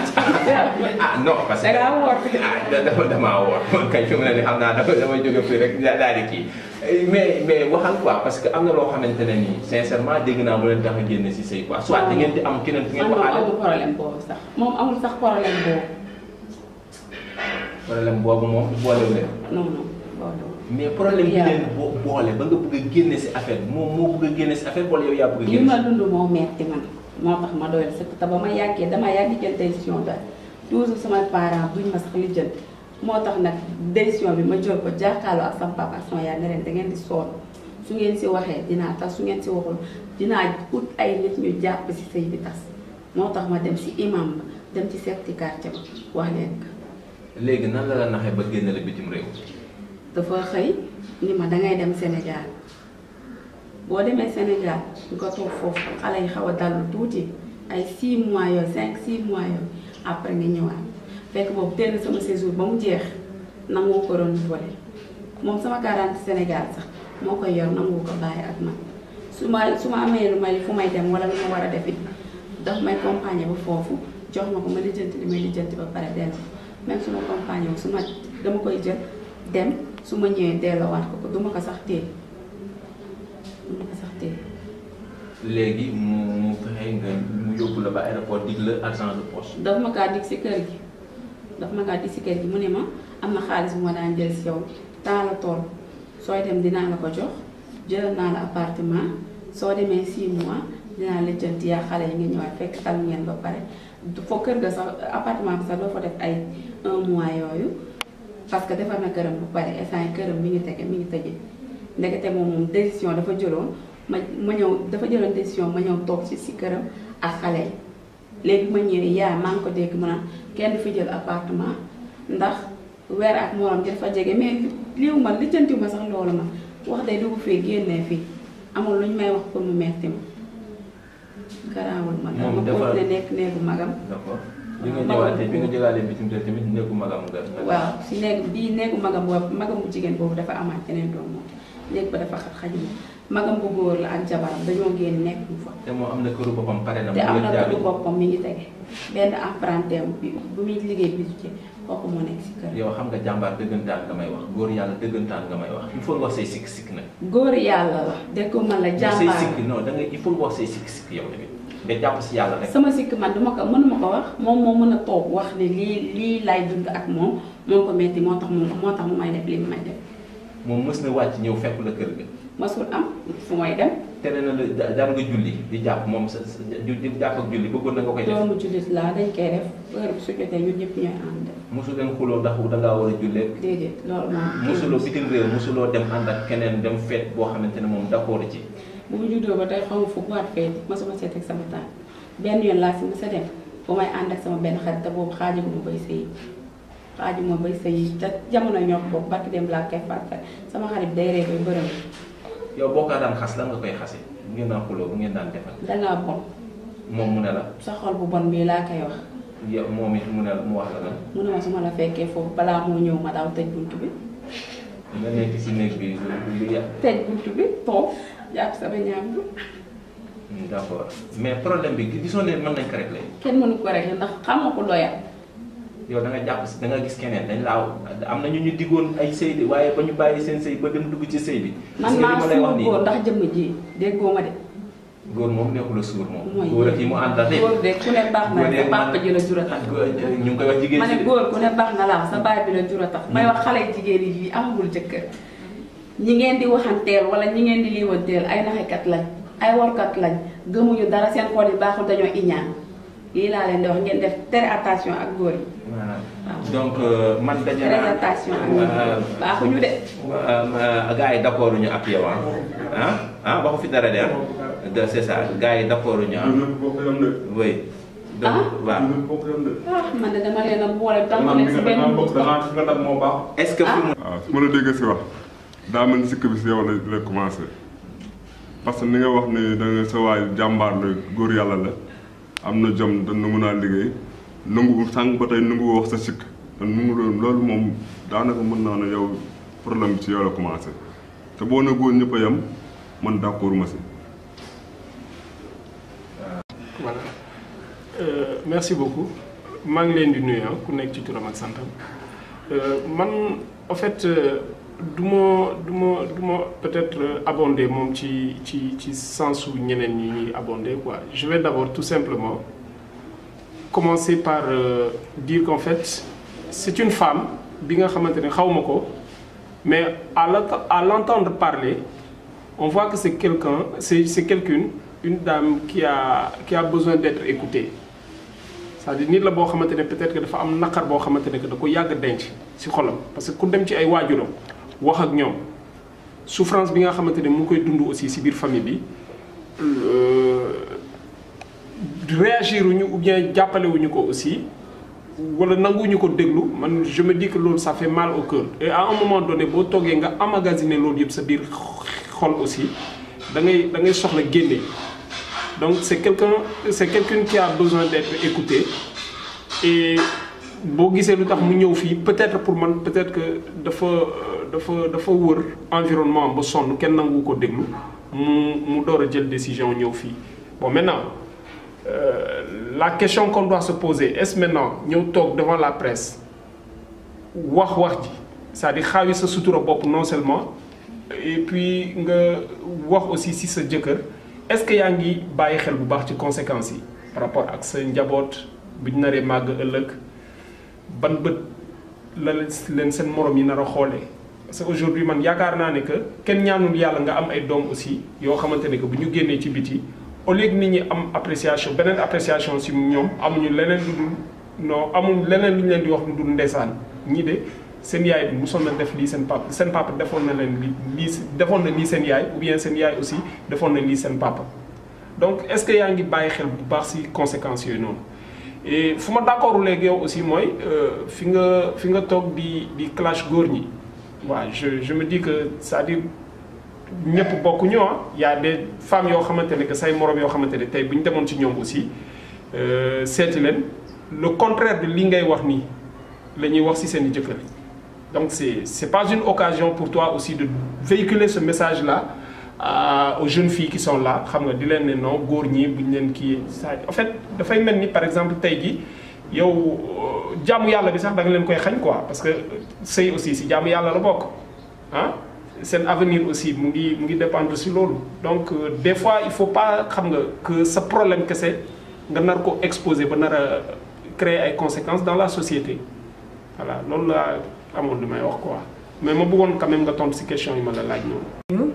ah, que ah, da dama damaa woor man kay fi mu ne nii xam naa dafa damay jóge fii rek daal di kii eh, mais mais waxal quoi parce que am na loo xamante ne nii sincèrement dégg naa bu leen tax a génn si sëy quoi. soit da ngeen di am keneen fi ngeen ko aale. man moom moom amul sax problème boobu. problème boobu moom boolewul. non non. mais problème bi leen boo boole ba nga bëgg a génne si affaire bi moom moo bëgg a génne si affaire wala yow yaa bëgg a génne li ma dund moo metti man moo tax ma doyal sëkk te ba ma yàggee damaa yàgg jël décision da toujours samay parents duñ ma sax li jël moo tax nag décision bi ma jël ko jàkkaarloo ak sama papa ak sama yaay ne leen da ngeen di sonn su ngeen si waxee dinaa tas su ngeen si waxul dinaa ut ay nit ñu jàpp si sëy bi tas moo tax ma dem si imam ba dem ci seeti quartier ba wax leen ko léegi nan la la naxee ba génne la bitim réew dafa xëy ni ma dangay dem Sénégal boo demee Sénégal nga toog foofu xale yi xaw a dallu tuuti ay 6 mois yooyu 5 6 mois yooyu après nga ñëwaat fekk boobu teel sama séjour ba mu jeex nangu ko renouveler moom sama garantie Sénégal sax moo koy yor nangu ko bàyyi ak man su ma su ma amee lu may fu may dem wala lu ma war a def it daf may compagnie ba foofu jox ma ko ma lijjanti li may lijjanti ba pare dellu même su ma compagnie su ma dama koy jël. dem suma ñëwé ñëwee delloowaat ko duma du ko sax té duma ma ko sax té légui mu mu fexé nga mu yobul ba aéroport dig le argent de poche. daf ma ka dig ci kër gi daf ma ka dig ci kër gi mu né ma am na xaalis bu ma daan jël ci yow ta la tol soy dem dina la ko jox jël na la appartement so démé 6 mois dina la jënd ya xalé yi nga ñëw fekk tam ngeen ba paré fo kër ga sax appartement bi sax do fa def ay 1 mois yoyu parce que defar na këram bu pare instant yi këram mi ngi tege mi ngi tëje ndekete moom moom décision dafa jëloo ma ma ñëw dafa jëloon décision ma ñëw toog ci si këram ak xale yi léegi ma ñëwee yaay maa ngi ko dégg mu naan kenn fi jël appartement ndax weer ak morom ji dafa jege mais liw ma lijjantiw ma sax loolu ma wax day dugg fii génnee fii amul lu ñu may wax pour mu metti ma garaawul ma. moom dafa nekk néegu magam. bi nga ñëwaatee bi nga jëlaatee bi réew tamit néegu magam nga. waaw si néeg bii néegu magam boobu magam bu jigéen boobu dafa amaat keneen doom moom néeg ba dafa xat xajul góor la ak jabaram dañoo génn nekk te moom am na këru boppam pare na. te am na këru boppam mi ngi tege benn emprunté bi bu muy liggéey bi ci kooku moo nekk si kër. yow xam nga jàmbaar dëggantaan nga may wax góor yàlla dëggantaan nga may wax il faut wax say sikk sikk nag. góor yàlla la. dëgg ko man la jàmbaar say sikk non da nga il faut nga wax say sikk sikk yow tamit. nga jàpp si yàlla rek. sama sikk man duma ko mënuma ko wax moom moo mën a toog wax ne lii lii laay dund ak moom moo ko metti moo tax mu moo tax mu may def moom mës na wàcc ñëw fekku la kër ga. masul am fu may dem. tere na la daan nga julli jàpp moom sa di jàpp ak julli bëggoon koy def. doomu jullit laa dañ koy ñëpp ñooy ànd. mosu leen xuloo ndax da ngaa war a jullee. déedéet loolu moom mosuloo bitim réew mosuloo ak keneen dem feet boo xamante ne moom d'accord ci. bu ma juddoo ba tey xaw ma fu boîte fête mosuma see teg sama taal benn yoon laa si mos a bu may ànd ak sama benn xarit te boobu xaaju ma bay sëy xaaju ma bay sëy te jamono ñoo bokk barki dem laa koy fàttali sama xarit day ree bay bërëm. yow boo ko daan xas lan nga koy xasee bu ngeen daan xuloo bu ngeen daan defal. dangaa bon. moom mu ne la. sa xol bu bon bii laa koy wax. yow moom it mu ne mu wax la lan. mu ne ma su ma la fekkee foofu balaa moo ñëw ma daaw tëj buntu bi. nga nekk si jàpp sama ñaam bi. Hmm, d' accord mais problème bi gisoo ne mën nañ ko réglé. kenn mënu ko réglé ndax xam nga ko doyal. yow da nga jàpp si da gis keneen dañ laaw am na ñu ñu diggoon ay sëy bi waaye ba ñu bàyyi seen sëy ba dem dugg ci sëy bi. man maa suur góor ndax jëmm ji déggoo ma de. góor moom nekkul a suur moom. góor ak yi mu àndal de. góor de ku ne baax na la sa papa ji a tax. ñu ngi koy baay bi la jur a tax. may hmm. wax xale jigéen yi amagul jëkkër ñi ngeen di waxanteel wala ñi ngeen di liiwanteel ay naxekat lañ ay warkat lañ gëmuñu dara seen xol yi baaxul dañoo iñaan lii laa leen di wax ngeen def très attention ak góor yi donc euh, man dañu naa attention ak góor euh, baaxuñu de euh, gars yi d' accord ñu ak yow ah. ah ah waxu fi dara de ah. de c' est ça gars yi d' accord ñu ah oui ah? ah, man de dama leen a boole tam. man mi nga dama bokk dama fi nga dab moo baax. est ce que ah mu. waaw su ma la déggee si wax. daa mel ni sikk bi si yow la la commencé parce que ni nga wax ne da nga jàmbaar la góor yàlla la am na jom te nangu naa liggéey nangu sànq ba tey nangu wax sa sikk te nangu loolu moom daanaka mën naa ne yow problème bi si yow la commencé te boo na góor ñëpp man d'accord ma si. Euh, merci beaucoup maa ngi leen di nuyu ah, ku nekk ci turam ak santam euh, man en euh, du ma du peut-être abondé moom ci ci ci sens su ñeneen ñi ñuy quoi je vais d'abord tout simplement commencer par euh, dire qu'en fait c'est une femme bi nga xamante ne mais à à l'entendre parler on voit que c'est quelqu'un c'est c'est quelqu'une une dame qui a qui a besoin d'être écoutée c'est-à-dire nit la boo xamante peut-être que dafa am naqar boo xamante que da ko yàgg denc ci xolam parce que ku dem ci ay waajuram wax ak ñom souffrance bi nga xamanteni mu koy dund aussi ci biir famille bi euh, réagir wuñu ou bien jappalé wuñu ko aussi wala nanguñu ko déglu man je me dis que lool ça fait mal au cœur et à un moment donné bo togué nga emmagasiner lool yeb sa biir xol aussi da ngay da ngay soxla génne donc c'est quelqu'un c'est quelqu'un qui a besoin d'être écouté et bo gisee lu tax mu ñëw fi peut-être pour man peut-être que dafa euh, dafa dafa wër environnement ba sonn kenn nangou ko déglu mu mu doora jël décision ñëw fii bon maintenant euh, la question qu'on doit se poser est-ce maintenant ñëw toog devant la presse wax wax ji c'est-à-dire xaawi sa sutura bopp non seulement et puis nga wax aussi si sa jëkkër est-ce que yaa ngi bàyyi xel bu baax ci conséquences yi par rapport ak sa njaboot bu ñu naree màgg ëllëg ban bët la leen seen morom yi nar a xoolee parce que aujourd'hui man yaakaar naa ne que kenn ñaanul yalla nga am ay dom aussi yo xamantene ne que bu ñu ci biti au lieu nit ñi am appréciation benen appréciation ci ñom amuñu leneen lu dul non amul leneen lu ñu leen di wax lu dul ndeysaan ñii de seen yaay bi mosoon na def li sen papa sen papa defoon na leen lii defon na lii sen yaay ou bien sen yaay aussi defon na lii sen papa donc est-ce que yaa ngi bàyyi xel bu baax ci conséquences yooyu noonu. et fuma ma d'accord léegi yow aussi mooy euh, fi nga fi nga tok di di clash góor ñi ouais je je me dis que c'est-à-dire ñëpp bokkuñu il ah. y a des femmes yoo xamante que say morom yoo xamante ne tey bu ñu ci ñoom aussi euh, seeti leen le contraire de li ngay wax nii la ñuy wax ci seen i donc c'est c'est pas une occasion pour toi aussi de véhiculer ce message là euh, aux jeunes filles qui sont là xam nga di leen ne non góor ñi bu ñu leen en fait dafay mel ni par exemple tey jii. yow euh, jaamu yàlla bi sax da leen koy xañ quoi parce que sëy aussi si jàmm yàlla la bokk ah seen avenir aussi mu ngi mu ngi dépendre si loolu donc euh, des fois il faut pas xam nga que sa problème kese nga nar ko exposer ba nar a créer ay conséquence dans la société voilà loolu laa amoon lu may wax quoi mais ma bëggoon quand nga tontu si question yi ma la laaj noonu.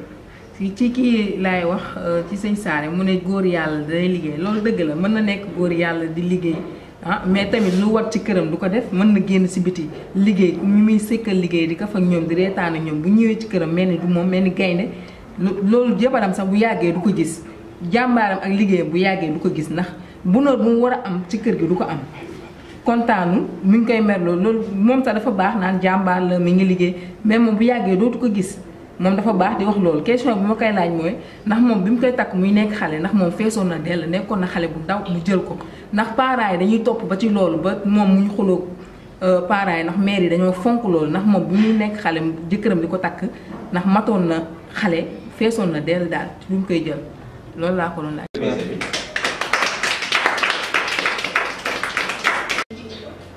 ci kii laay wax euh, ci sëñ Saare mu ne góor yàlla day liggéey loolu dëgg la mën na nekk góor yàlla di liggéey. ah mais tamit lu war ci këram du ko def mën na génn si biti liggéey ñu muy sëkkal liggéey di ko ak ñoom di reetaana ñoom bu ñëwee ci këram mel ni du moom mel ni gaynde loolu jabaram sax bu yàggee du ko gis jàmbaaram ak liggéeyam bu yàggee du ko gis ndax bonheur bu mu war a am ci kër gi du ko am kontaanu mu ngi koy merloo loolu moom sax dafa baax naan jàmbaar la mi ngi liggéey mais moom bu yàggee dootu ko gis moom dafa baax di wax loolu question bi ma koy laaj mooy ndax moom bi mu koy takk muy nekk xale ndax moom feesoon na dell nekkoon na xale bu ndaw mu jël ko ndax parents yi dañuy topp ba ci loolu ba moom mu ñu xuloo euh, parents yi ndax mère yi dañoo fonk loolu ndax moom bi muy nekk xale jëkkëram di ko takk ndax matoon na xale feesoon na dell daal ci bi mu koy jël loolu laa ko doon laaj.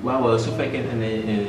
waaw su fekkente ne euh,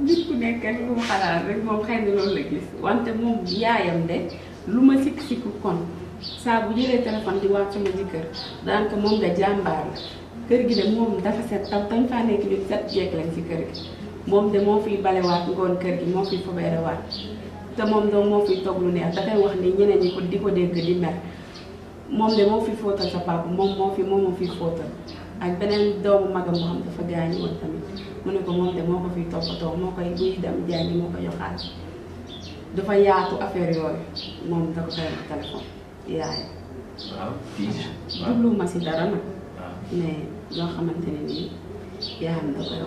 nit ku nekk rek lu mu xalaat rek moom xëy na loolu la gis wante moom yaayam de lu ma sikk sikku kon saa bu jëlee téléphone di waat sama jëkkër daan ko moom da jàmbaar la kër gi de moom dafa set taw dañ faa set jeeg lañ ci kër gi moom de moo fiy balewaat kër gi moo fiy fobeerewaat te moom doo moo fiy togg lu neex dafay wax ni ñeneen ñi ko di ko dégg di mer moom de moo fi fóotal sa papa moom moo fi moom fi fóotal ak beneen doomu magam moo xam dafa gaañu woon tamit mu ne ko moom de moo ko fiy toppatoo moo koy buy dem jàngi moo ko yoxaat dafa yaatu affaire yooyu moom da koy wax yaay waaw dara nag xamante ne nii yaayam da koy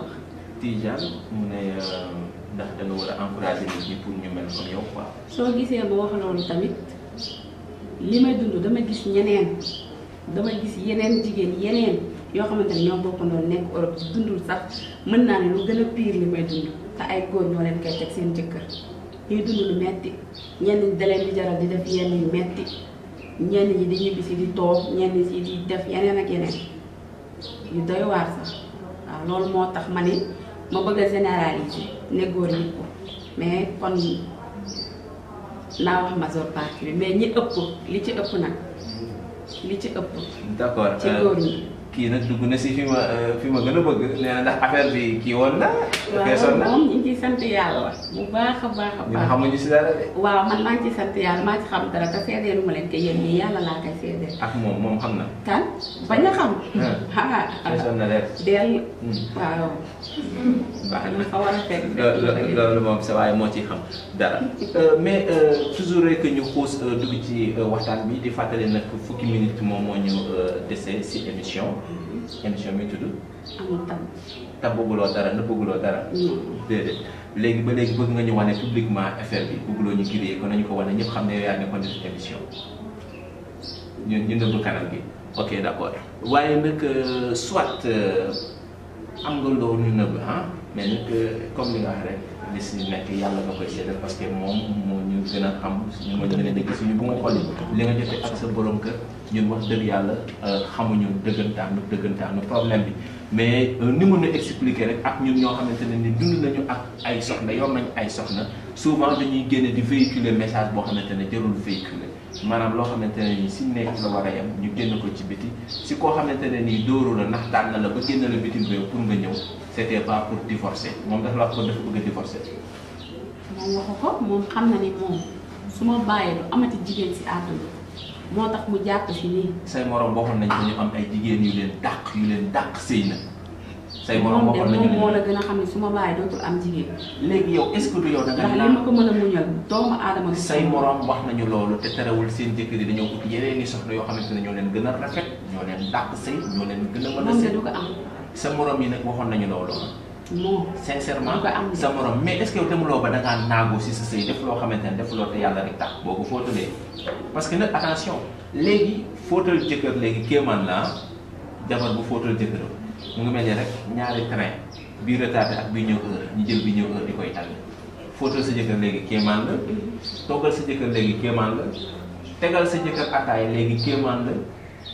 wax mu ne euh, ndax da war a encouragé nit ñi pour ñu mel comme yow quoi. soo gisee mu wax loolu tamit li may dund dama gis ñeneen dama gis yeneen jigéen yeneen yoo xamante ne ñoo bokkandoon nekk Europe dundul sax mën naa ne lu gën a pire li may dund te ay góor ñoo leen koy teg seen jëkkër ñuy dund lu metti ñenn ñi da di jaral di def yenn yu metti ñenn ñi di ñibbi si di toog ñenn si di def yeneen ak yeneen yu doy waar sax waaw loolu moo tax ma ne ma bëgg a généraliser ne góor ñi ko mais kon naa wax majeure partie bi mais ñi ëpp li ci ëpp nag li ci ëpp. ci góor ñi. kii nag dugg na si fi ma euh, fi ma gën a bëgg nee na ndax affaire bi kii woon na. keesoon na waaw moom baax a baax a baax. ñun xamuñu si waaw man maa ngi ciy sant xam dara te seedeelu ma leen ko laa koy seedeel. ak moom moom xam na. kan bañ xam. ah ah, ah. na leer. dellu waaw. loolu moom sa waaye moo ci xam dara euh, mais euh, toujours rek ñu xuus euh, dugg ci waxtaan bi di fàttale nag fukki minute moom moo ñu dese si émission émission mi tudd amul bëgguloo dara na bëgguloo dara déedéet léegi ba léegi bëgg nga ñu ne publiquement affaire bi bëgguloo ñu giree ko nañu ko wane ñëpp xam ne yaa nekkoon def émission ñun ñu nëbb kanam gi ok d'accord waaye nag soit am nga loolu nëbb ah mais nag euh, comme li nga rek bis ñu nekk yàlla nga koy seetal parce que moom moo ñu gën a xam ñu ma gën a dëgg suñu bu nga xool li nga jotee ak sa borom kër ñun wax dëgg yàlla euh, xamuñu dëggantaanu dëggantaanu problème bi mais euh, ni mën expliquer rek ak ñun ñoo xamante ne ni dund nañu ak ay soxna yor nañu ay soxna souvent dañuy génne di véhiculer message boo xamante ne jarul véhiculer maanaam loo xamante ne nii si nekk la war a yem ñu génn ko ci biti si koo xamante ne nii dóoru la ndax daan na la ba génn la bitim réew pour nga ñëw c'était pas pour divorcer moom dafa la ko dafa bëgg divorcer. moom waxu ko moom xam na ni moom su ma bàyyee du amati jigéen ci àdduna moo tax mu jàpp si nii. say morom waxoon nañ ko ñu am ay jigéen yu leen dàq yu leen dàq sëy na. say morom waxoon nañu moom moo la gën a xam ne su ma am jigéen. léegi yow est-ce que nga. ma ko mën a muñal doomu aadama. say morom wax seen jëkkër yi dañoo ut yeneen yoo xamante ne ñoo leen gën a rafet ñoo leen dàq a mën ko am. sa yi nag waxoon nañu loolu. non sincèrement sa morom mais est-ce que yow demuloo ba da ngaa naagoo si sa sëy def loo xamante ne def loo te yàlla rek tax boo ko fóotalee parce que nag attention léegi fóotal jëkkër léegi kéemaan la jabar bu fóotal jëkkëram mu ngi mel ni rek ñaari train bii retardé ak bii ñëw heure ñu jël bii ñëw heure di koy tànn fóotal sa jëkkër léegi kéemaan la toggal sa jëkkër léegi kéemaan la tegal sa jëkkër ataay léegi kéemaan la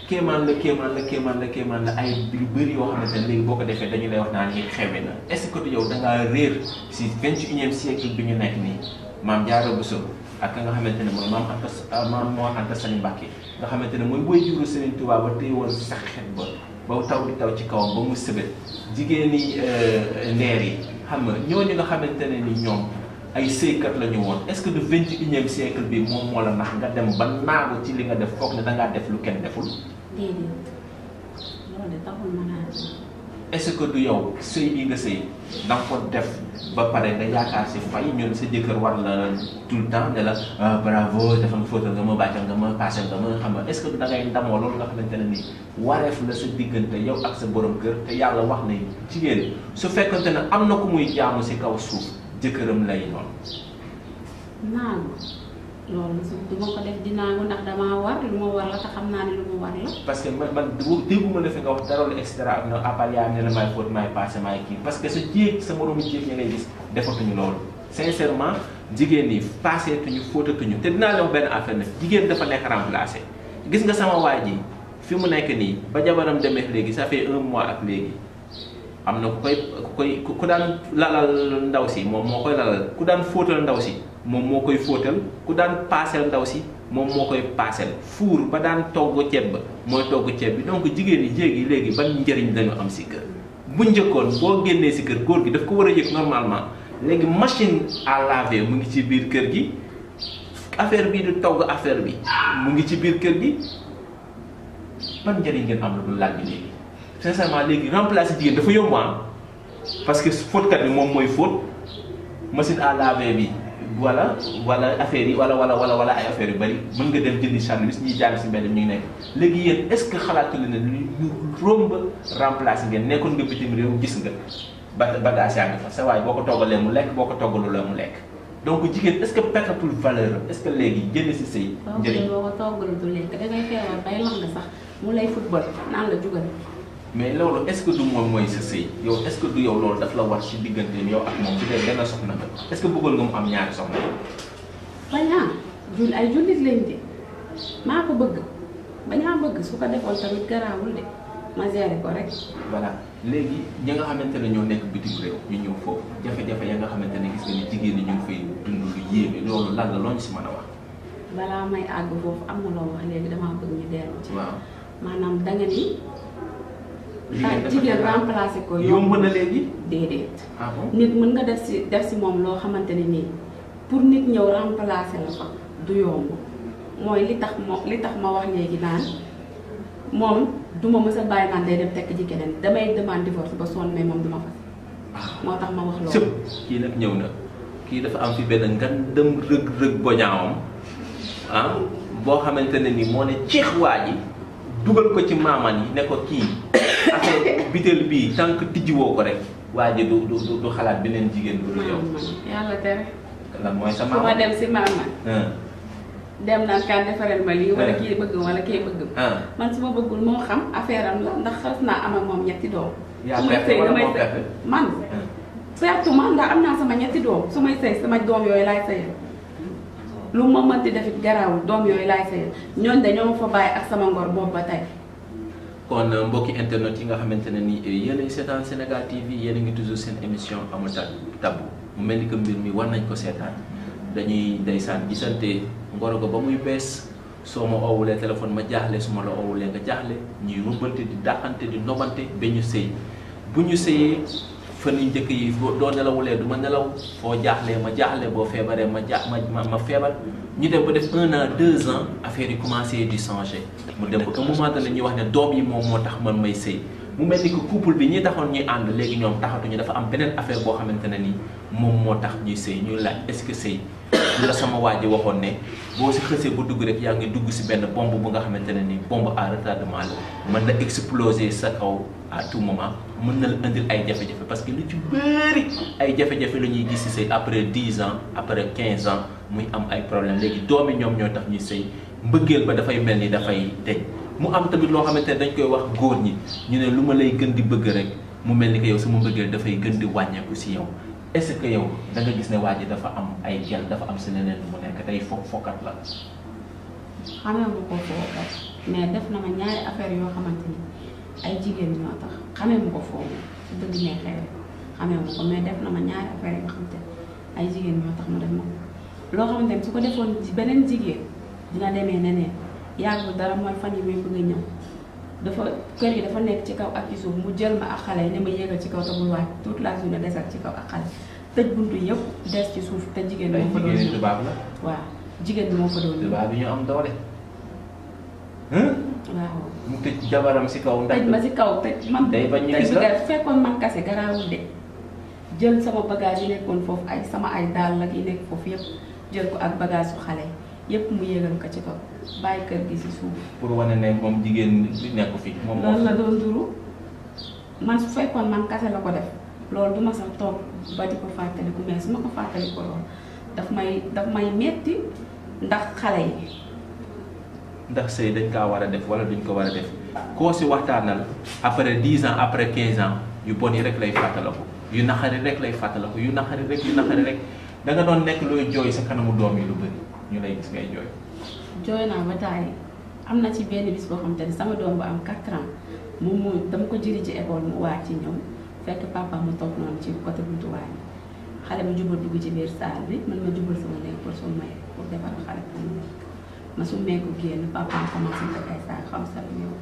kéemaan la kéemaan la kéemaan la kéemaan la ay lu bëri yoo xamante ne léegi boo ko defee dañu lay wax naan ni xewe na est-ce que yow da ngaa réer si vingt-et-unième siècle bi ñu nekk nii maam Jaara Buso ak nga xamante ne mooy maam maam moo Anta Sali Mbàkke nga xamante ne mooy booy juru Sëriñ Tuubaa ba téye woon sa Bau taw bi taw ci kawam ba mu sëbët eh, neri, ndeer yi xam nga ñooñu nga xamante ni ñoom ay sëykat la ñu woon est ce que le vingt siècle bi moom moo la nax nga dem ba naagu ci li nga def foog ne da ngaa def lu kenn deful de taxul naa est-ce que du yow sëy bi nga sey da ko def ba pare nga yaakaar ci fay ñun sa jëkër war la tout temps dela ah, bravo dafa nga photo nga ma bàccal nga ma passé nga ma xam est-ce que da ngay ndamoo lool nga xamantene ni waref la su digënté yow ak sa borom kër te yalla wax ci jigéen su fekkante na amna ku muy jaamu ci kaw suuf jëkkëram lay non loolu du ma ko def dinaa ko ndax damaa war lu ma war la te xam naa ne lu ma war la. parce que man man dégguma la fi nga wax dara lu extra am na appal yaa ne la may fóot may passé may defatuñu loolu sincèrement jigéen ñi paaseetuñu fóotatuñu te dinaa la jigéen dafa nekk remplacé gis nga sama waa ji fi mu nii ba jabaram demee léegi ça mois ak léegi am na ku koy ku koy ku daan lalal ndaw si moom moo koy lalal ku daan fóotal ndaw si. mom mo koy fóotal ku daan passel ndaw si mom mo koy passel four ba daan togo ceeb mo togo togg bi donc jigeen yi jeegi legi ban njëriñ lañu am si keur bu njëkkoon bo genné si keur goor gi daf ko wara a normalement legi machine à laver mu ngi ci biir keur gi affaire bi du togo affaire bi mu ngi ci biir keur gi ban njariñ ngeen am lu laaj bi sincèrement legi remplacer jigeen dafa yomba ah. parce que kat bi mom moy faute machine à laver bi wala wala affaire yi wala wala wala wala ay affaires yu bëri mën nga dem jëndi sandwich ñuy jàng si mbedd mi ngi nekk léegi yéen est-ce que xalaatu leen ne lu romb remplacé ngeen nekkoon nga bitim réew gis nga ba bagage yaa fa sa waay boo ko toggalee mu lekk boo ko toggaluloo mu lekk donc jigéen est-ce que pekkatul valeur est-ce que léegi jënd si sëy njëriñ boo ko toggalu du lekk dangay feebar bay lam na sax mu lay football naan la jugal mais loolu est-ce que du moom mooy sa sëy yow est-ce que du yow loolu daf la war ci diggante yow ak moom su dee benn soxna nga est-ce que bëggoon nga mu am ñaari soxna. bañ a ay jullit lañ de ko bëgg bañ bëgg su ko defoon tamit garaawul de ma géré ko rek. voilà léegi ñi nga xamante ne ñoo nekk bitim réew ñu ñëw foofu jafe-jafe ya nga xamante ne gis nga ni jigéen ñi ñu ngi fay dund lu yéeme loolu lan la loo ñu si mën a wax. balaa may àgg foofu am na loo wax léegi damaa bëgg ñu dellu jigéen remplacé ko yomb na léegi déedéet ah, nit mën nga def si def si moom loo xamante ne nii pour li tax li tax ma wax léegi naan moom du ma mës a bàyyi naan day dem tekk ji ma fas ah. moo tax ma wax loolu kii nag ñëw dem rëg-rëg boñaawam ah boo xamante ne ni moo ne ceex waa ji dugal ko ci maaman ne ko kii bitel bi tank tidji wo ko rek waji du du du xalat benen jigen du yow yalla tere lan moy sa maama dem si maama ah. dem na ka defaral ma li wala ah. ki beug wala ki beug ah. man suma beugul mo xam affaire am la ndax xalat na am ak mom ñetti doom su may sëy damay sëy man perte man da am naa sama ñetti doom su sey sama doom yoy lay sey lu ma mënti defit garaw doom yoy lay sey ñoon dañoo ma fa bay ak sama ngor boobu tay kon euh, mbokki internet yi nga xamante ne nii euh, yéen a ngi seetaan Sénégal TV yéen a ngi toujours seen émission amul tabu mu mel ni que mbir mi war nañ ko seetaan dañuy ndeysaan gisante ngoro ko ba muy bees soo ma owulee téléphone ma jaaxle suma ma la owulee nga jaaxle ñuy rëbbante di dàqante di nobante ba ñu sëy bu ñu sëyee fan yi njëkk yi do nelawulee du ma nelaw fo jaaxlee ma jaaxle bo feebaree ma jax ma ma feebar ñu dem ba def 1 an 2 ans affaire yi commencé di changer. mu dem ba un moment donné ñuy wax ne doom yi moom motax man may sëy mu melni ko couple bi ñi ñi and ànd ñom taxatu ñu dafa am beneen affaire bo xamante ni moom motax ñi ñuy ñu ñuy est-ce que sëy la sama waji ji waxoon ne boo si xësee bu dugg rek ya nga dugg ci benn bombe bu nga xamante ni bombe à retardement la mën na exploser sa kaw à tout moment. mën na la indil ay jafe-jafe parce que lu ci bëri ay jafe-jafe la ñuy gis si sëy après 10 ans après 15 ans muy am ay problème léegi doomi ñoom ñoo tax ñuy sëy mbëggeel ba dafay mel ni dafay deñ mu am tamit loo xamante ne dañ koy wax góor ñi ñu ne lu ma lay gën di bëgg rek mu mel ni que yow sama mbëggeel dafay gën di wàññeeku si yow est ce que yow da nga gis ne waa ji dafa am ay gel dafa am si leneen lu mu nekk tey fo fokkat la xamee bu ko fokkat mais def na ma ñaari affaire yoo xamante ni ay jigéen ñoo tax xamee mu ko foofu dëgg neexee rek xamee mu ko mais def na ma ñaari affaire yoo xam te ay jigéen ñoo tax mu def ma xam ne su ko defoon ci beneen jigéen dina demee neneen yàggul dara mooy fan yi muy bëgg a dafa kër gi dafa nekk ci kaw ak ci suuf mu jël ma ak xale yi ne ma yéegal ci kaw te bul wàcc toute la journée desal ci kaw ak xale tëj buntu yëpp des ci suuf te jigéen bi moo la doon jigéen bi moo fa doon ñëw tubaab bi ñu am doole mu tëj jabaram si kaw ndax. tëj ma si kaw tëj man. day bañ ñu gis fekkoon man kase garaawul de jël sama bagage yi nekkoon foofu ay sama ay daal ak yi nekk foofu yëpp jël ko ak bagage su xale yëpp mu yéegal ko ci kaw bàyyi kër gi si suuf. pour wane ne moom jigéen bi nekk fi. moom loolu la doon duru man su fekkoon man kase la ko def loolu duma sax toog ba di ko fàttaliku mais su ma ko fàttaliku loolu daf may daf may metti ndax xale yi. ndax se dañ kaa war a def wala duñ ko war a def koo si waxtaanal après dix ans après quinze ans yu bon yi rek lay fàttaliku yu naxari rek lay fàttaliku yu naxari rek yu naxari rek da nga doon nekk looy jooy sa kanamu doom yi lu bëri ñu lay gis ngay jooy. jooy naa ba taay am na ci benn bis boo xam te ne sama doom bu am quatre ans moom mu dama ko jëli ci école mu waa ci ñëw fekk papa mu toog noonu ci côté buntu waañ xale ma jubal dugg ci biir sa bi man ma jubal sama ma summeeku génn papaam commencé teg ay saa xaw sa ñëw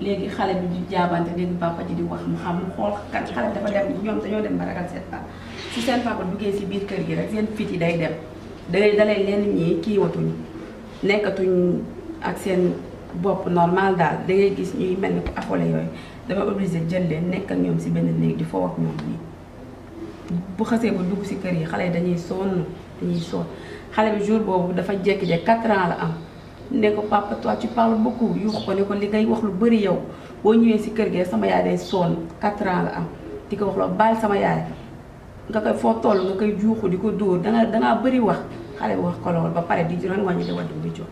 léegi xale bi di jaabante dégg papa ji di wax mu xam mu xool kan xale dafa dem ñoom dañoo dem ba ragal seen papa su seen papa duggee si biir kër gi rek seen fit yi day dem dalay dalay leen ñii kiiwatuñ nekkatuñ ak seen bopp normal daal da gis ñuy mel ni ko affolé yooyu dama obligé jël leen nekk ak ñoom si benn néeg di foo ak ñoom nii bu xasee bu dugg si kër yi xale yi dañuy sonn dañuy sonn xale bi jour boobu dafa jékki-jékki 4 ans la am ne ko papa ci tu parles beaucoup yuux ko ne ko li ngay wax lu bëri yow boo ñëwee si kër gee sama yaay day sonn 4 la am di ko wax loo baal sama yaay nga foo toll nga koy juuxu di ko dóor danga dangaa bëri wax xale bi wax ko lool ba pare di ren wàññi di wadd di jox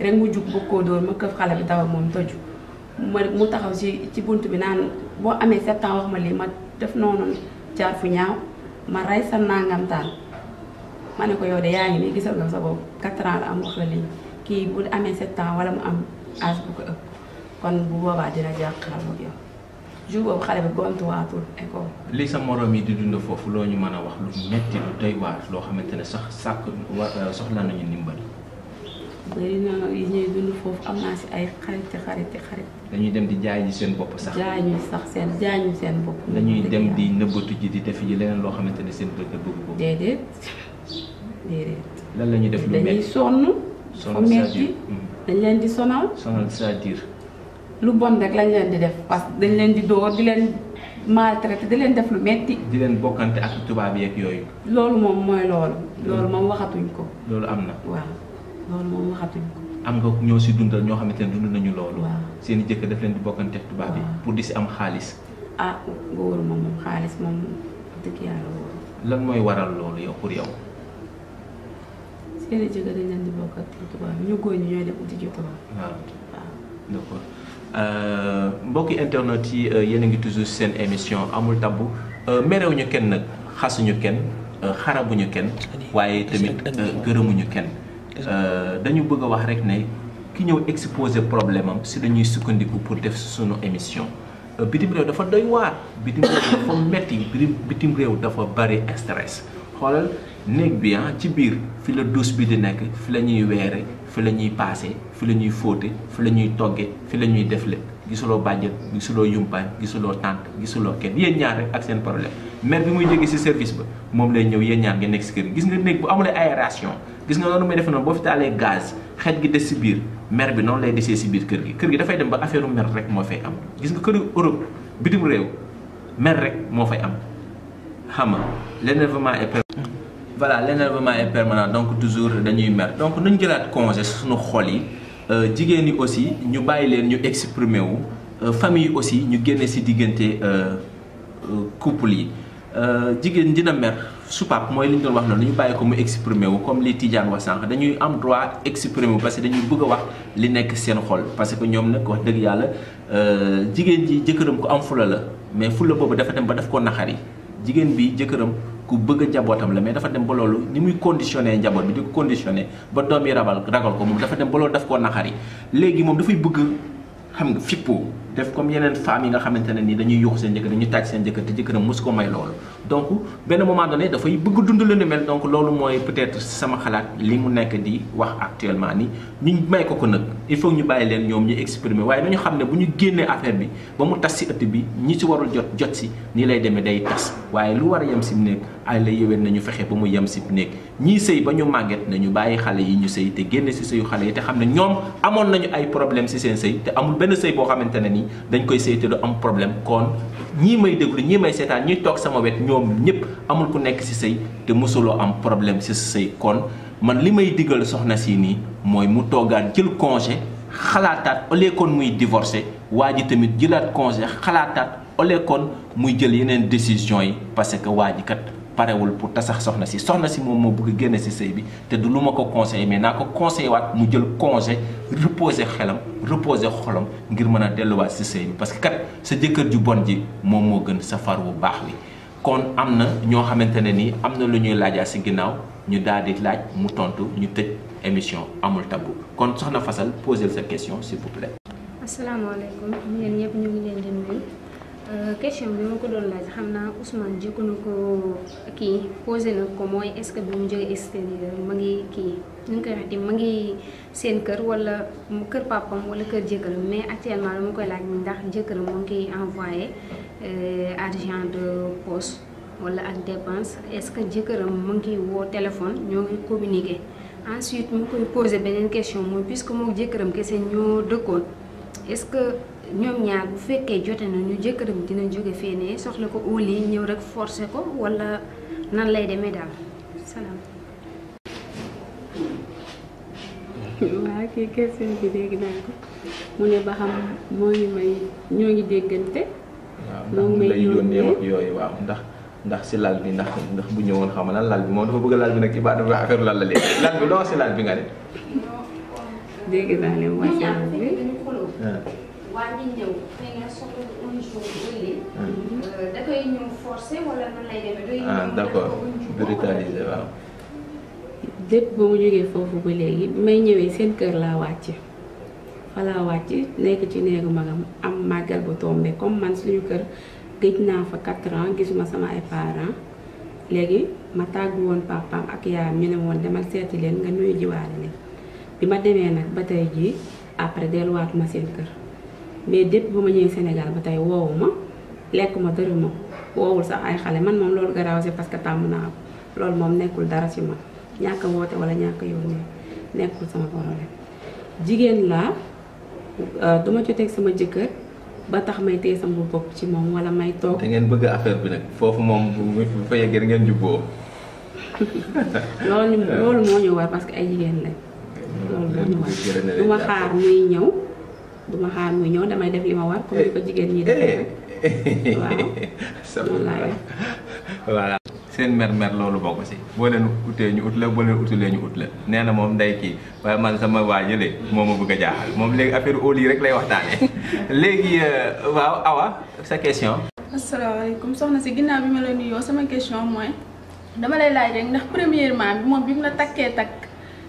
rek mu jug bëgg koo dóor ma kër xale bi dawal moom toju ma mu taxaw ci ci bunt bi naan boo amee sept ans wax ma lii ma def noonu jaar fu ñaaw ma rey sa nangamtaan ma ne ko yow de yaa ngi nii gisal nga sa bopp 4 la am wax la kii bu amee 7 ans wala mu am âge bu ko ëpp kon bu boobaa dina jàkkaarloo ak yow jour boobu xale bi gontuwaatul école. li sa morom yi di dund foofu loo ñu mën a wax lu metti lu doy waar loo xamante ne sax sàkk euh, soxla nañu ndimbal. bëri yi foofu am naa si ay xarit dañuy dem di jaay ji seen bopp sax. jaay ñu sax seen jaay ñu seen bopp. nañuy dem di nëbbatu ji di def ji leneen loo xamante ne seen bët bëgg ko. déedéet. lan la ñuy def lu métti dañuy sonn. sonn métti hmm. dañ leen di sonal. sonal cest à lu bon rek lañ leen di def parce que dañ leen di dóor di leen maltraité di leen def lu metti di leen bokkante ak tubaab yeeg yooyu. loolu moom mooy loolu. loolu hmm. moom waxatuñ ko. loolu am na. waaw loolu moom waxatuñ ko. am nga ñoo si dundal ñoo xamante ne dund nañu loolu. seeni jëkk i daf leen di bokkante ak tubaab yi. pour di si am xaalis. ah wóoruma moom xaalis moom dëgg yàlla wóoruma. lan mooy waral loolu yow pour yow. yeneen jigéen dañ leen di bokk ak tubaab ñu góor ñi ñooy dem uti ji tubaab. waaw mbokki internet yi euh, yéen a ngi toujours seen émission amul tabu euh, merewuñu kenn nag xasuñu kenn euh, xarabuñu kenn waaye tamit gërëmuñu kenn dañu bëgg a wax rek ne ki ñëw exposer problème am si dañuy sukkandiku pour def sunu émission bitim réew dafa doy waar bitim réew dafa metti bitim réew dafa bari stress xoolal néeg bi han ah, ci bir fi la douche bi di nek fi la ñuy weere fi la ñuy paase fi la ñuy fóote fi la ñuy togge fi la ñuy def lépp gisuloo bàjjël gisuloo yumpaañ gisuloo tànk gisuloo kenn ñaar rek ak seen problème mère bi muy jógee ci service ba mom lay ñëw yeen ñaar ngeen nek si kër gis nga nek bu amulé aération gis nga nonu may def non bo fi talé gaz xet gi des ci bir mère bi non lay déssé ci bir kër gi kër gi fay dem ba affaire mère rek mo fay am gis nga kër Europe bitim réew mère rek mo fay am xam nga est voilà l'énervement est permanent donc toujours dañuy mer donc nuñ jëlaat congé suñu xol yi euh jigéen ñi aussi ñu bàyyi leen ñu exprimer wu euh, famille aussi ñu génne ci digënté euh, euh couple yi euh jigéen dina mer soupape moy li ñu doon wax non ñu bayé ko mu exprimer wu comme li Tidiane wax sank dañuy am droit exprimer wu parce que dañuy bëgg wax li nekk seen xol parce que ñom nak wax deug yalla euh jigéen ji jëkkëram ko am fula la mais fula bobu dafa dem ba daf ko naxari jigéen bi jëkkëram ku bëgg njabootam la mais dafa dem ba loolu ni muy conditionné njaboot bi di ko conditionné ba doom yi rabal ragal ko moom dafa dem ba loolu daf koo naxari léegi moom dafay bëgg xam nga fippoo def comme yeneen femmes yi nga xamante ne ni dañuy yuux seen jëkkër dañuy tàcc seen jëkkër te jëkkëram mos ko may loolu donc benn moment donné dafay bëgg dund lu ni mel donc loolu mooy peut-être sama xalaat li mu nekk di wax actuellement ni ñu may ko ko nag il faut ñu bàyyi leen ñoom ñu exprimer waaye nañu xam ne bu ñu génnee affaire bi ba mu tas si ëtt bi ñi ci warul jot jot si nii lay demee day mu nekk ay la yéwén nañu fexe ba mu yem si néeg ñii sëy ba ñu màgget nañu bàyyi xale yi ñu sëy te génn si sëyu xale yi te xam ne ñoom amoon nañu ay problème si sëy te amul benn sëy boo xamante ne nii dañ koy sëy te du am problème kon ñii may déglu ñii may seetaan ñuy toog sama wet ñoom ñëpp amul ku nekk si sëy te mosuloo am problème si sa sëy kon man li may digal soxna si nii mooy mu toogaat jël congé xalaataat ole kon muy divorcé waa ji tamit jëlaat congé xalaataat ole kon muy jël yeneen décision yi parce que waa parewul pour tassax soxna ci soxna ci mom mo bëgg génne ci sey bi té du lu ma ko conseillé mais nako conseiller conseillé waat mu jël congé reposer xelam reposer xolam ngir mëna a delluwaat si sëy bi parce que kat sa jëkkër ju bon ji moom moo gën sa far wu baax wi kon amna ño ñoo xamante ne nii am na lu ñuy laajaa si ginnaaw ñu daal di laaj mu tontu ñu tej émission amul tabou kon soxna Fasal poser sa question s'il vous plaît. asalaamaaleykum yéen ñëpp ñu ngi leen di nuyu Euh, question bi ma ko doon laaj xam naa Ousmane jëkku na ko kii posé na ko mooy est-ce que bi mu jógee extérieur ma ngi kii nu ñu koy waxee ma ngi seen kër wala kër papam wala kër jëkkëram mais actuellement mu koy laaj ndax jëkkëram moo ngi envoyé euh, argent de poche wala ak dépense est-ce que jëkkëram mu ngi woo téléphone ñoo ngi communiqué ensuite mu koy posé beneen question mooy puisque moom jëkkëram kese ñoo dëkkoon est ñoom ñaar bu fekkee jote na ñu jëkkëram dina jóge fee ne soxla ko au ñëw rek forcé ko walla nan lay demee daal salaam. waaw kii question bi dégg naa ko mu ne ba xam moo ngi may ñoo ngi déggante. waaw ndax lay yónnee wax yooyu ndax ndax si lal bi ndax ndax bu ñëwoon xam lan lal bi moom dafa bëgg lal bi nag ci baat a affaire lal la léegi lal bi loo si lal bi nga ne. dégg naa leen wàcc bi. Ah. wàññi ñëw xëy na soxla un jour julli. Hmm. Euh, ñëw forcé wala nan lay demee. ah d'accord brutalisé waaw. lépp ba mu jógee foofu ba léegi may ñëwee seen kër wàcc fa wàcc nekk ci néegu magam am màggal bu tombé comme man suñu kër gëj naa fa 4 gisuma sama ay parents léegi ma tàggu woon papaam ak yaayam ñu ne woon demal seeti leen nga nuyu jiwaale leen bi ma demee nag ba tey jii après delluwaatuma seen kër. mais dépp ba ma ñëwee Sénégal ba tey woowu ma lekkuma dara ma woowul sax ay xale man moom loolu garaaw si parce que tàmm naa ko loolu moom nekkul dara si ma ñàkk woote wala ñàkk a nekkul sama problème jigéen laa euh, duma joteeg sama jëkkër ba tax may téye sama bopp ci moom wala may toog. da ngeen bëgg affaire bi nag foofu moom bu fa yeggee ngeen jubboo. loolu moo ñu war parce que ay jigéen lañ. loolu moo ñu war du xaar muy ñëw. du xaar muy ñëw damay def li ma war comme ni ko jigéen ñi defee waaw seen mer-mer loolu bokk si boo leen utee ñu ut la boo leen utulee ñu ut la nee moom day kii waaye man sama waa jëlee moo ma bëgg a jaaxal moom léegi affaire au lii rek lay waxtaanee léegi euh, waaw Awa sa question. asalaamaaleykum soxna si ginnaaw bi ma la nuyoo sama question mooy dama lay laaj rek ndax premièrement bi moom bi mu la takkee takk.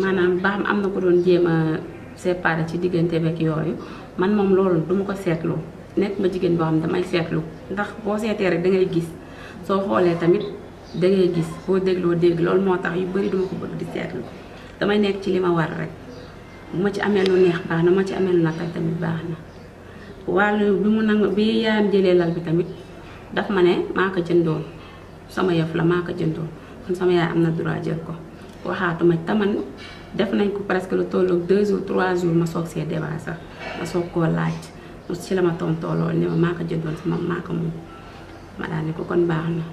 manam ba am na ko doon jema a séparé ci digënté bék yooyu man mom loolu du ko sétlu nek ma jigen bo xam damay sétlu ndax bo sété rek da ngay gis so xolé tamit da ngay gis bo déglo dégg lool motax yu bari duma ko bëgg di sétlu damay nek ci lima ma war rek bu ma ci amé lu neex baax na ma ci amé lu naqar tamit baax na bi mu nang bi yaayam jëlé lal bi tamit daf mané ne jëndoon sama yef la maka jëndoon sama yaay amna droit jël ko waxaatu waxaatuma taman def nañ ko presque lu tolloog deux jours trois jours ma soog see débat sax ma soog koo laaj ci la ma tontoo loolu ne ma maa ko jëndoon sama maa ko moom ma daal ne ko kon baax na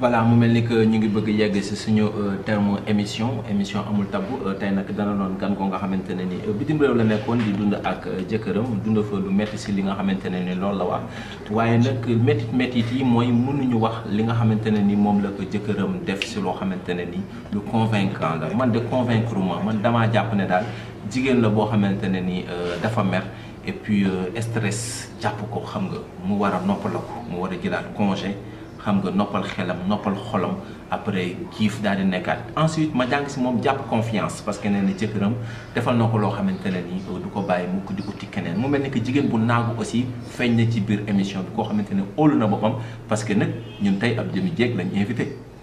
voilà mu mel ni que ñu ngi bëgg yegg ci suñu euh, terme émission émission amul tabou euh, tay nak dana non gan ko nga xamante ne ni euh, bitim réew la nekkoon di dund ak jëkkëram dund fa lu metti ci li nga xamante ne ni loolu la wax waaye nak metti metti yi mooy mënuñu wax li nga xamante ne ni moom la ko jëkkëram def ci loo xamante ne ni lu convaincant la man de convaincre ma man dama jàpp ne daal jigéen la boo xamante ni dafa mer et puis stress jàpp ko xam nga mu war a noppaloo ko mu war a jëlaat congé xam nga noppal xelam noppal xolam après kiif daal di nekkaat ensuite ma jàng si moom confiance parce que nee na jëkkëram defal na ko loo xamante ne ni du ko bàyyi di mu que bu aussi feeñ na ci biir émission bi koo parce que nag ñun tey ab invité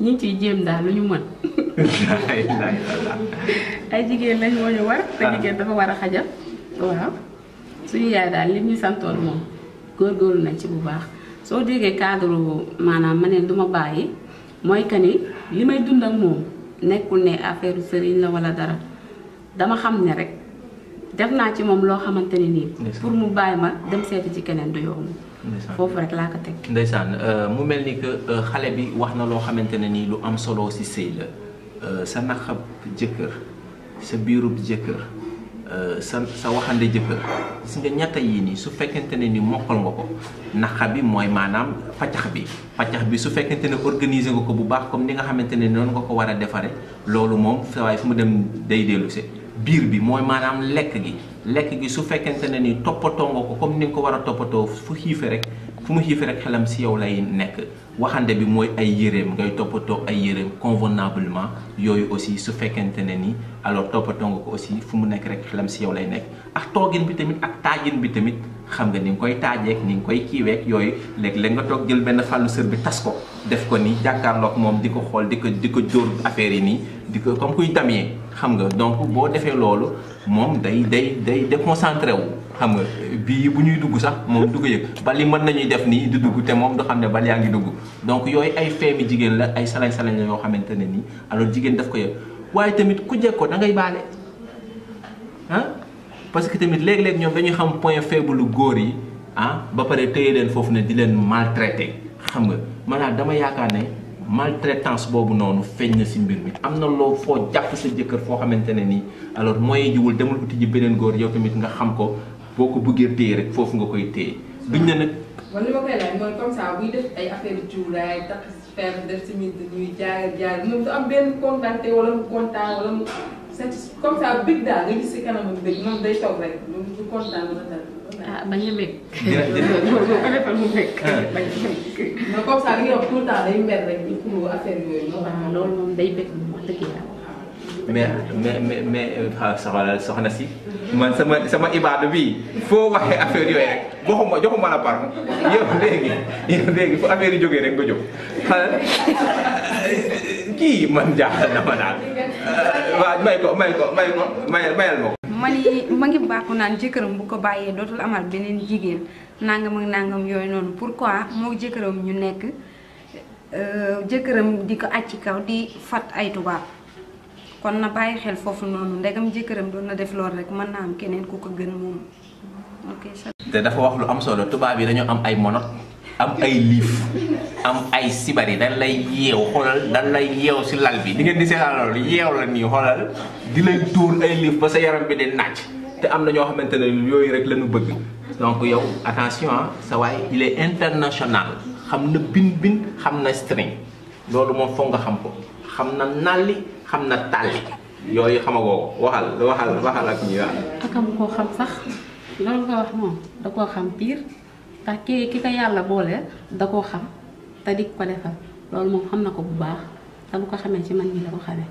ñu ci jëm daal lu ñu mën. ay jigéen lañ moo ñu war. Ah. te jigéen dafa war a xajal. waaw suñu yaay daal li ñu santoon moom góor góorgóorlu nañ ci bu baax soo déggee cadre maanaam ma ne du ma bàyyi mooy que ni li may dundal ak moom nekkul ne affaire sëriñ la wala dara dama xam ne rek def naa ci moom loo xamante ne nii. pour mu bàyyi ma dem seeti ci keneen du yomb. foofu rek laa ko teg. ndeysaan euh, mu mel ni que euh, xale bi wax na loo xamante ne nii lu am solo si sëy la euh, sa naqab jëkkër sa biirub jëkkër. sa sa waxande jëkkër gis nga ñetta yii nii su fekkente ne ni mokkal nga ko naxa bi mooy maanaam paccax bi paccax bi su fekkente ne organiser nga ko bu baax comme ni nga xamante ne noonu nga ko war a defaree loolu moom sa waaye fu mu dem day dellu si biir bi mooy maanaam lekk gi lekk gi su fekkente ne ni toppatoo nga ko comme ni nga ko war a toppatoo fu xiife rek fu mu xiife rek xelam si yow lay nekk waxande bi mooy ay yëreem ngay toppatoo ay yëreem convenablement yooyu aussi su fekkente ne ni alors toppatoo nga ko aussi fu mu nekk rek xelam si yow lay nekk ak toogin bi tamit ak taajin bi tamit xam nga ni nga koy taajeek ni nga koy kiiweek yooyu léeg-léeg nga toog jël benn fàllu sër bi tas ko def ko ni jàkkaarloog moom di ko xool di ko di ko dóor affaire yi nii di ko comme kuy damee xam nga donc boo defee loolu moom day day day déconcentré wu xam nga bii bu ñuy dugg sax moom du ko yëg bali mën nañuy def nii di dugg te moom du xam ne bal yaa ngi dugg donc yooyu ay feemi jigéen la ay salañ-salañ la yoo xamante ne nii alors jigéen daf ko yëg waaye tamit ku jeg ko da baale parce que tamit léeg-léeg ñoom dañuy xam point faible lu góor yi ah ba pare téye leen foofu ne di leen maltraité xam nga maanaam dama yaakaar ne maltraitance boobu noonu feeñ na si mbir mi. am na loo foo jàpp sa jëkkër foo xamante ne nii alors mooy jiwul demul uti ji beneen góor yow tamit nga xam ko boo ko bëggee téye rek foofu nga koy téye duñ ne nag. man li ma koy laaj mooy comme ça buy def ay affaire cuuraay takk fer def si ñuy jaar jaar satis comme ça bëgg daal nga gis si kanam ak bëgg moom day toog rek moom du kontaan ba dara. ah bañ a bëgg. jërëjëf jërëjëf ko defal mu bëgg. bañ a bëgg. Ah. mais comme ça li nga wax tout le temps day mer rek di pour affaire yooyu. waaw ah, loolu moom day bëgg moom wax dëgg yàlla. mais mais mais ah, soxna soxna si. man sama sama ibaada bi foo waxee affaire yooyu rek waxuma joxuma la par yow léegi yow léegi fu affaire yi jógee rek nga jóg xanaa. kii man jaaxal na ma daal waaw may ko may ko may mayal ma ko. ma ni ma ngi bàkku naan jëkkëram bu ko bàyyee dootul amal beneen jigéen nangam nàngam nangam yooyu noonu pourquoi moo jëkkëram ñu nekk euh, jëkkëram di ko acc kaw di fat ay tubaab kon na bàyyi xel foofu noonu ndegam jëkkëram doon na def loolu rek mën naa am keneen ku ko gën moom ok. te dafa wax lu am solo tubaab yi dañoo am ay monot am ay liif am ay sibari dan lay yeew xoolal dan yeew si lal bi di ngeen di seetaan loolu yeew la nii xoolal di lay tuur ay liif ba sa yaram bi di naaj te am na ñoo xamante ne yooyu rek la ñu bëgg donc yow attention ah, sa waay international xam na bin bin xam na string loolu moom foog nga xam ko xam na nalli xam na tàlli yooyu xamagoo ko waxal waxal waxal ak ñi waaw. akam koo xam sax loolu nga wax moom da koo xam pire. ndax ki ki ko yàlla boole da koo xam te di ko defal loolu moom xam na ko bu baax te bu ko xamee ci man mi la ko xamee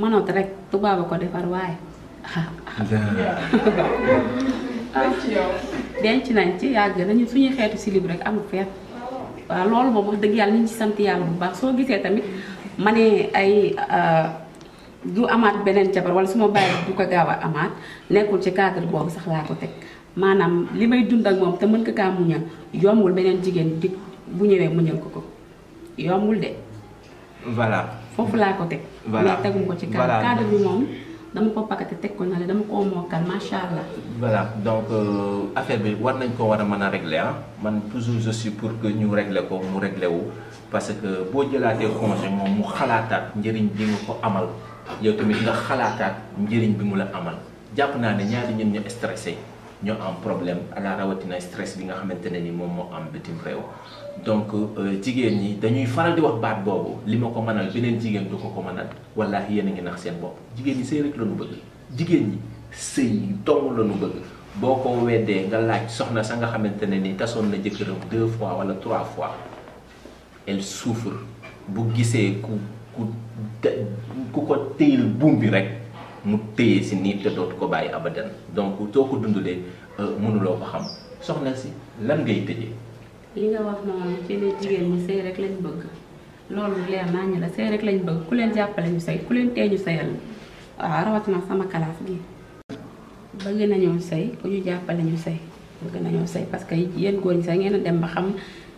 mënoot rek tubaab a ko defar waaye. denc nañ ci yàgg nañu suñuy xeetu silib rek amul feex waaw loolu moom dëgg yàlla ñu ngi sant yàlla bu baax soo gisee tamit ma ne ay euh, du amaat beneen jabar wala su ma bàyyi du ko gaaw a amaat nekkul ci cadre boobu sax laa ko teg. maanaam li may dund ak moom te mën ko kaa muñal yombul beneen jigéen di bu ñëwee muñal ko ko yombul de. voilà foofu laa ko teg. voilà tegum ko ci cadre cadre bi moom. dama ko pakate teg ko na dama ko mokkal macha allah. voilà donc euh, affaire bi war nañ koo war a mën a régler ah man toujours je pour que ñu régler ko mu régler wu parce que boo jëlaatee congé moom mu xalaataat njëriñ bi nga ko amal yow tamit nga xalaataat njëriñ bi mu la amal jàpp naa ne ñaari ñun ñu ñoo am problème ala rawatina stress bi nga xamantene ni mom mo am bitim rew donc euh, jigen ñi dañuy faral di wax baat bobu li ma ko mënal beneen jigéen du ko ko manal wallahi yéen a ngi nax seen bop jigen ñi sey rek lañu bëgg jigen ñi sey dong la ñu bëgg boko wédé nga laaj soxna sa nga xamantene ni tasoon na jëkkëram deux fois wala trois fois elle souffre bu gisee ku ku ku ko téyil buum bi rek. mu téye ci nit té dootu ko bàyyi abadan donc to ko euh, mënu lo ko xam soxna si lan ngay tejé li nga wax non ci né jigéen ñi sey rek lañ bëgg loolu leer nañ la sey rek lañ bëgg ku leen jappalé ñu sey ku leen tee ñu wa rawat na sama kalaaf gi. bëgg nañu sey ku ñu jappalé ñu sey bëgg nañu sey parce que yeen goor ñi sa ngeen dem ba xam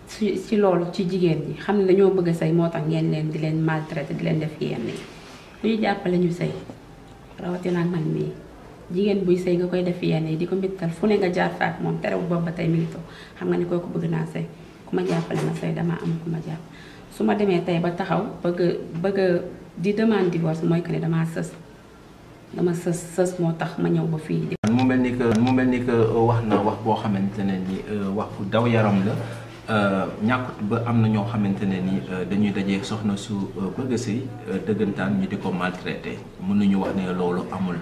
ci loolu ci jigéen ñi xam nañu bëgg sey motax ngeen leen di leen maltraiter di leen def yenn ku ñu jappalé ñu sey rawatina ak man mii jigéen buy sëy nga koy def yenn yi di ko mbittal fu ne nga jaar fa ak moom terewul boobu ba tey mi ngi toog xam nga ni koo ko bëgg naa sëy ku ma jàppale ma sëy damaa am ku ma jàpp su ma demee tey ba taxaw bëgg bëgg di demande divorce mooy que ne damaa sës dama sës sës moo tax ma ñëw ba fii. mu mel ni que mu mel ni que euh, wax na wax boo xamante ne ni euh, wax bu daw yaram la. Euh, ñàkkut ba am na ñoo xamante ne ni euh, dañuy daje soxna su euh, bëgg a sëy dëggantaan ñu di ko maltraité mënuñu wax ne loolu amul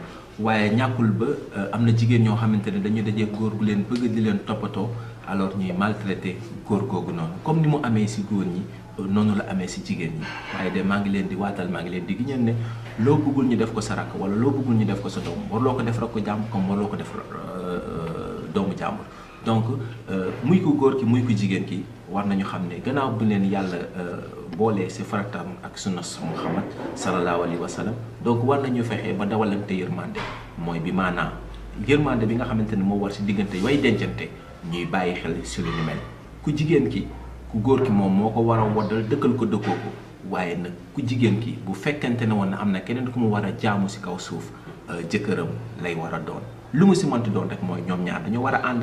waaye ñàkkul ba am na jigéen ñoo xamante ne dañuy dajee góor gu leen bëgg di leen toppatoo alors ñuy maltraité góor googu noonu comme ni mu amee ci góor ñi noonu la amee si jigéen ñi waaye de maa ngi leen di waatal maa ngi leen di giñal ne loo bëggul ñu def ko sa rakk walla loo bëggul ñu def ko sa doom warloo ko def rakk jàmbur comme warloo ko def doomu jàmbur donc euh, muy ku góor ki muy ku jigéen ki war nañu xam ne gannaaw bu leen yàlla euh, boolee si faratam ak sunna Muhammad sallallahu alayhi wa sallam donc war nañu fexe ba dawalante yërmande mooy bi maanaam yërmande bi nga xamante ne moo war si diggante way dencante ñuy bàyyi xel si lu ni mel ku jigéen ki ku góor ki moom moo ko war a waddal dëkkal ko dëkkoo ko waaye nag ku jigéen ki bu fekkente ne woon na am na keneen ku mu war a jaamu si kaw suuf euh, jëkkëram lay war a doon lu mu si mënti doon rek mooy ñoom ñaar dañoo war a ànd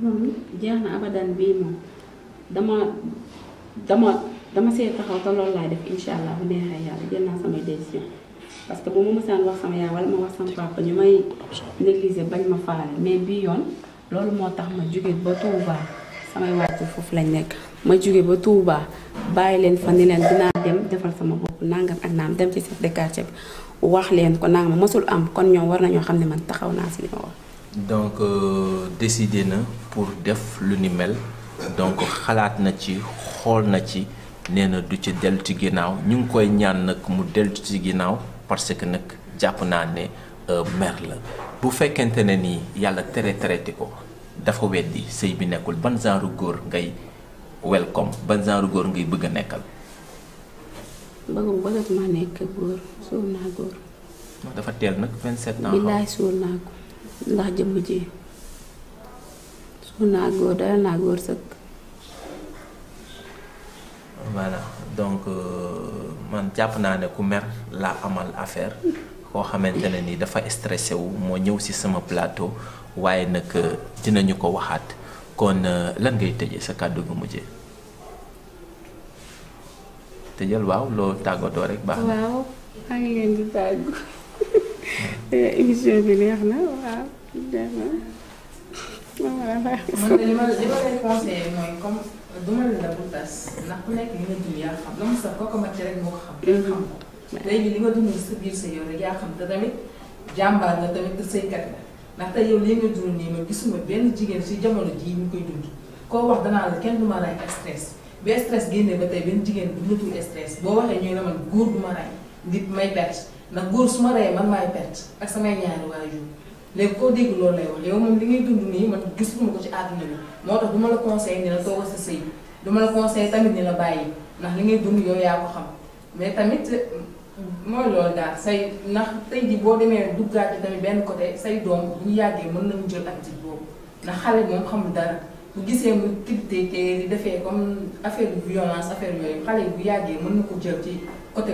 moom jeex na abadan bii moom dama dama dama see taxaw te loolu laay def incha allah bu neexee yàlla jël naa samay décision parce que bu ma mësaan wax sama yaay wala ma wax sama papa ñu may négliger bañ ma faale mais bii yoon loolu moo tax ma jóge ba Touba samay wàcc foofu lañ nekk ma jóge ba Touba bàyyi leen fa ni leen dinaa dem defal sama bopp nangam ak naam dem ci chef de quartier bi wax leen ko nangam mosul am kon ñoom war nañoo xam ne man taxaw naa si li ma wax donc euh, décidé na pour def lu mel donc xalaat na ci xool na ci nee du ci dellu ci ginnaaw ñu ngi koy ñaan nak mu dellu ci ginaaw parce que nak jàpp naa ne euh, mer la bu fekkente ne nii yàlla tere traité ko dafa weddi sëy bi nekkul ban genre góor ngay welcome ban genre góor ngay bëgg a nekkal. bëgg bëgg maa nekk góor suur naa góor. dafa teel nag 27 ans. billaay suur naa ko. ndax jëm ji su naagoo dara naagoo sëkk voilà donc euh, man jàpp naa ne ku mer la amal affaire koo xamante ne ni dafa stressé wu moo ñëw si sama plateau waaye nag euh, dinañu ko waxaat kon euh, lan ngay tëjee sa kàddu gu mujjee tëjal waaw loo tàggatoo rek baax na waaw maa ngi leen di tàggu Euh, émission bi neex na waaw neex na man de li ma li xam la mu mhm. li nga dund sa biir sa yow rek yaa xam te tamit jàmbaar nga tamit sëykat la ndax yow li nga dund nii ma gisuma benn jigéen si jamono jii ñu koy dund koo wax danaa la kenn du ma lay stress bi stress génnee ba tey benn jigéen bu ñu stress boo waxee ñooy la man góor du ma rey may perte. ndax góor su ma reyee man maay perte ak samay ñaari waajur léegi koo dégg loolu lay wax yow moom li ngay dund nii man gisuma ko ci àdduna bi moo tax du ma la conseil na soo toogal sa sëy du la conseil tamit ni la bàyyi ndax li ngay dund yow yaa ko xam mais tamit mooy loolu daal say ndax tey jii boo demee duggaat ci benn côté say doom bu yàggee mën nañu jël attitude boobu ndax xale moom xamul dara bu gisee mu tilté te di defee comme affaire violence affaire yooyu xale yi bu yàggee mën na ko jël ci côté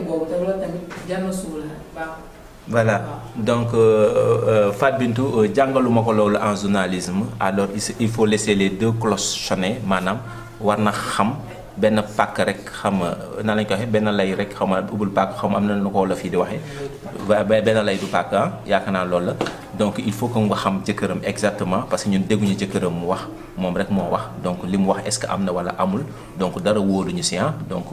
voilà donc euh, euh, Fat Bintou euh, jàngaluma mako loolu en journalisme alors il faut laisser les deux cloches sonner manam warna xam. Ben pak rek xam na lañ ko waxe ben lay rek xam que pak xam am nañ ko la nous di waxe lay du pak que nous donc il faut que nga xam exactement parce que ñun wax mom rek que wax donc est-ce que amul donc dara ah. donc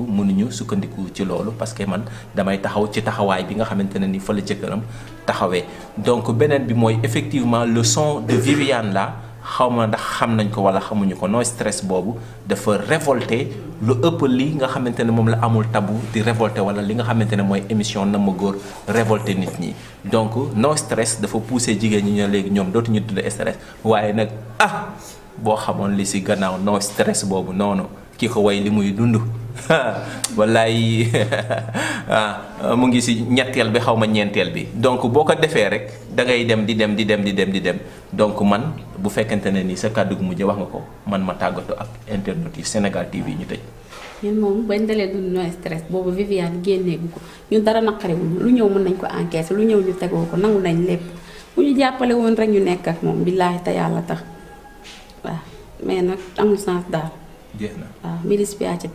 sukkandiku ci parce que man damay taxaw ci taxaway bi nga nous ni fa donc bi effectivement le son de Viviane là xaw ma ndax xam nañ ko wala xamuñu ko no stress boobu dafa révolté lu ëpp li nga xamante ne moom la amul tabu di révolté wala li nga xamante ne mooy émission na ma góor révolté nit ñi donc no stress dafa poussé jigéen ñi ne léegi ñoom dootuñu tudd stress waaye nag ah boo xamoon li si gannaaw no stress boobu noonu kii ko way li muy dund wallaay ah, ah, mo ngi si ñettel bi xawma ma bi donc boko defé rek da ngay dem di dem di dem di dem di dem donc man bu fekkente ni sa kaddu mu wax nga ko man ma tàggatu ak internet yi Sénégal TV ñu tej ñun mom bañ dalé du no stress bobu Viviane génneegu ko ñu dara wu lu ñew mën nañ ko encaisser lu ñew ñu tegoo ko nangu nañ lepp bu ñu jappalé won rek ñu nekk ak mom billahi ta yalla tax wa mais nak amul sens da ah milice bi a ci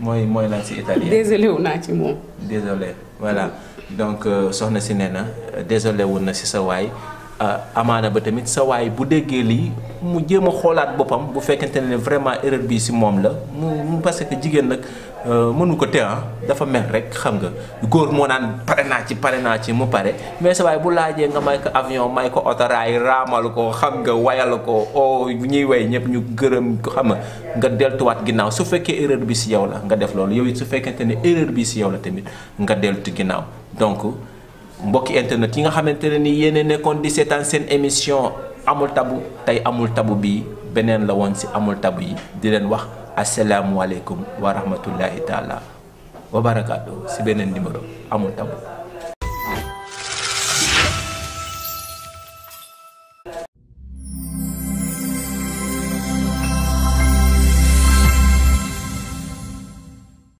mooy mooy lan si italien désolé wu naa ci moom. désolé voilà donc euh, sohna si nena désolé wu na si sa way euh, amana ba tamit sa way bu déggee li mu jéem a bopam bu fekkente ne vraiment erreur bi si mom la mu parce que jigen nak Euh, mënu ko té ah. dafa mel rek xam nga góor moo naan pare naa ci pare naa ci mu pare mais sa waay bu laajee nga may ko avion may ko otara, raamal ko xam nga wayal ko o ñuy way ñëpp ñu gërëm ko xam nga nga deltuwaat ginnaaw su fekkee erreur bi si yow la nga def loolu yow it su fekkente ne erreur bi si yow la tamit nga deltu ginnaaw donc mbokki internet yi nga xamantene ne ni yéene nekkoon di seetaan seen émission amul tabu tey amul tabu bi beneen la woon si amul tabu yi di leen wax asalaamualeykum wa rahmatullahi taala wa barakaatu si beneen numéro amul tabu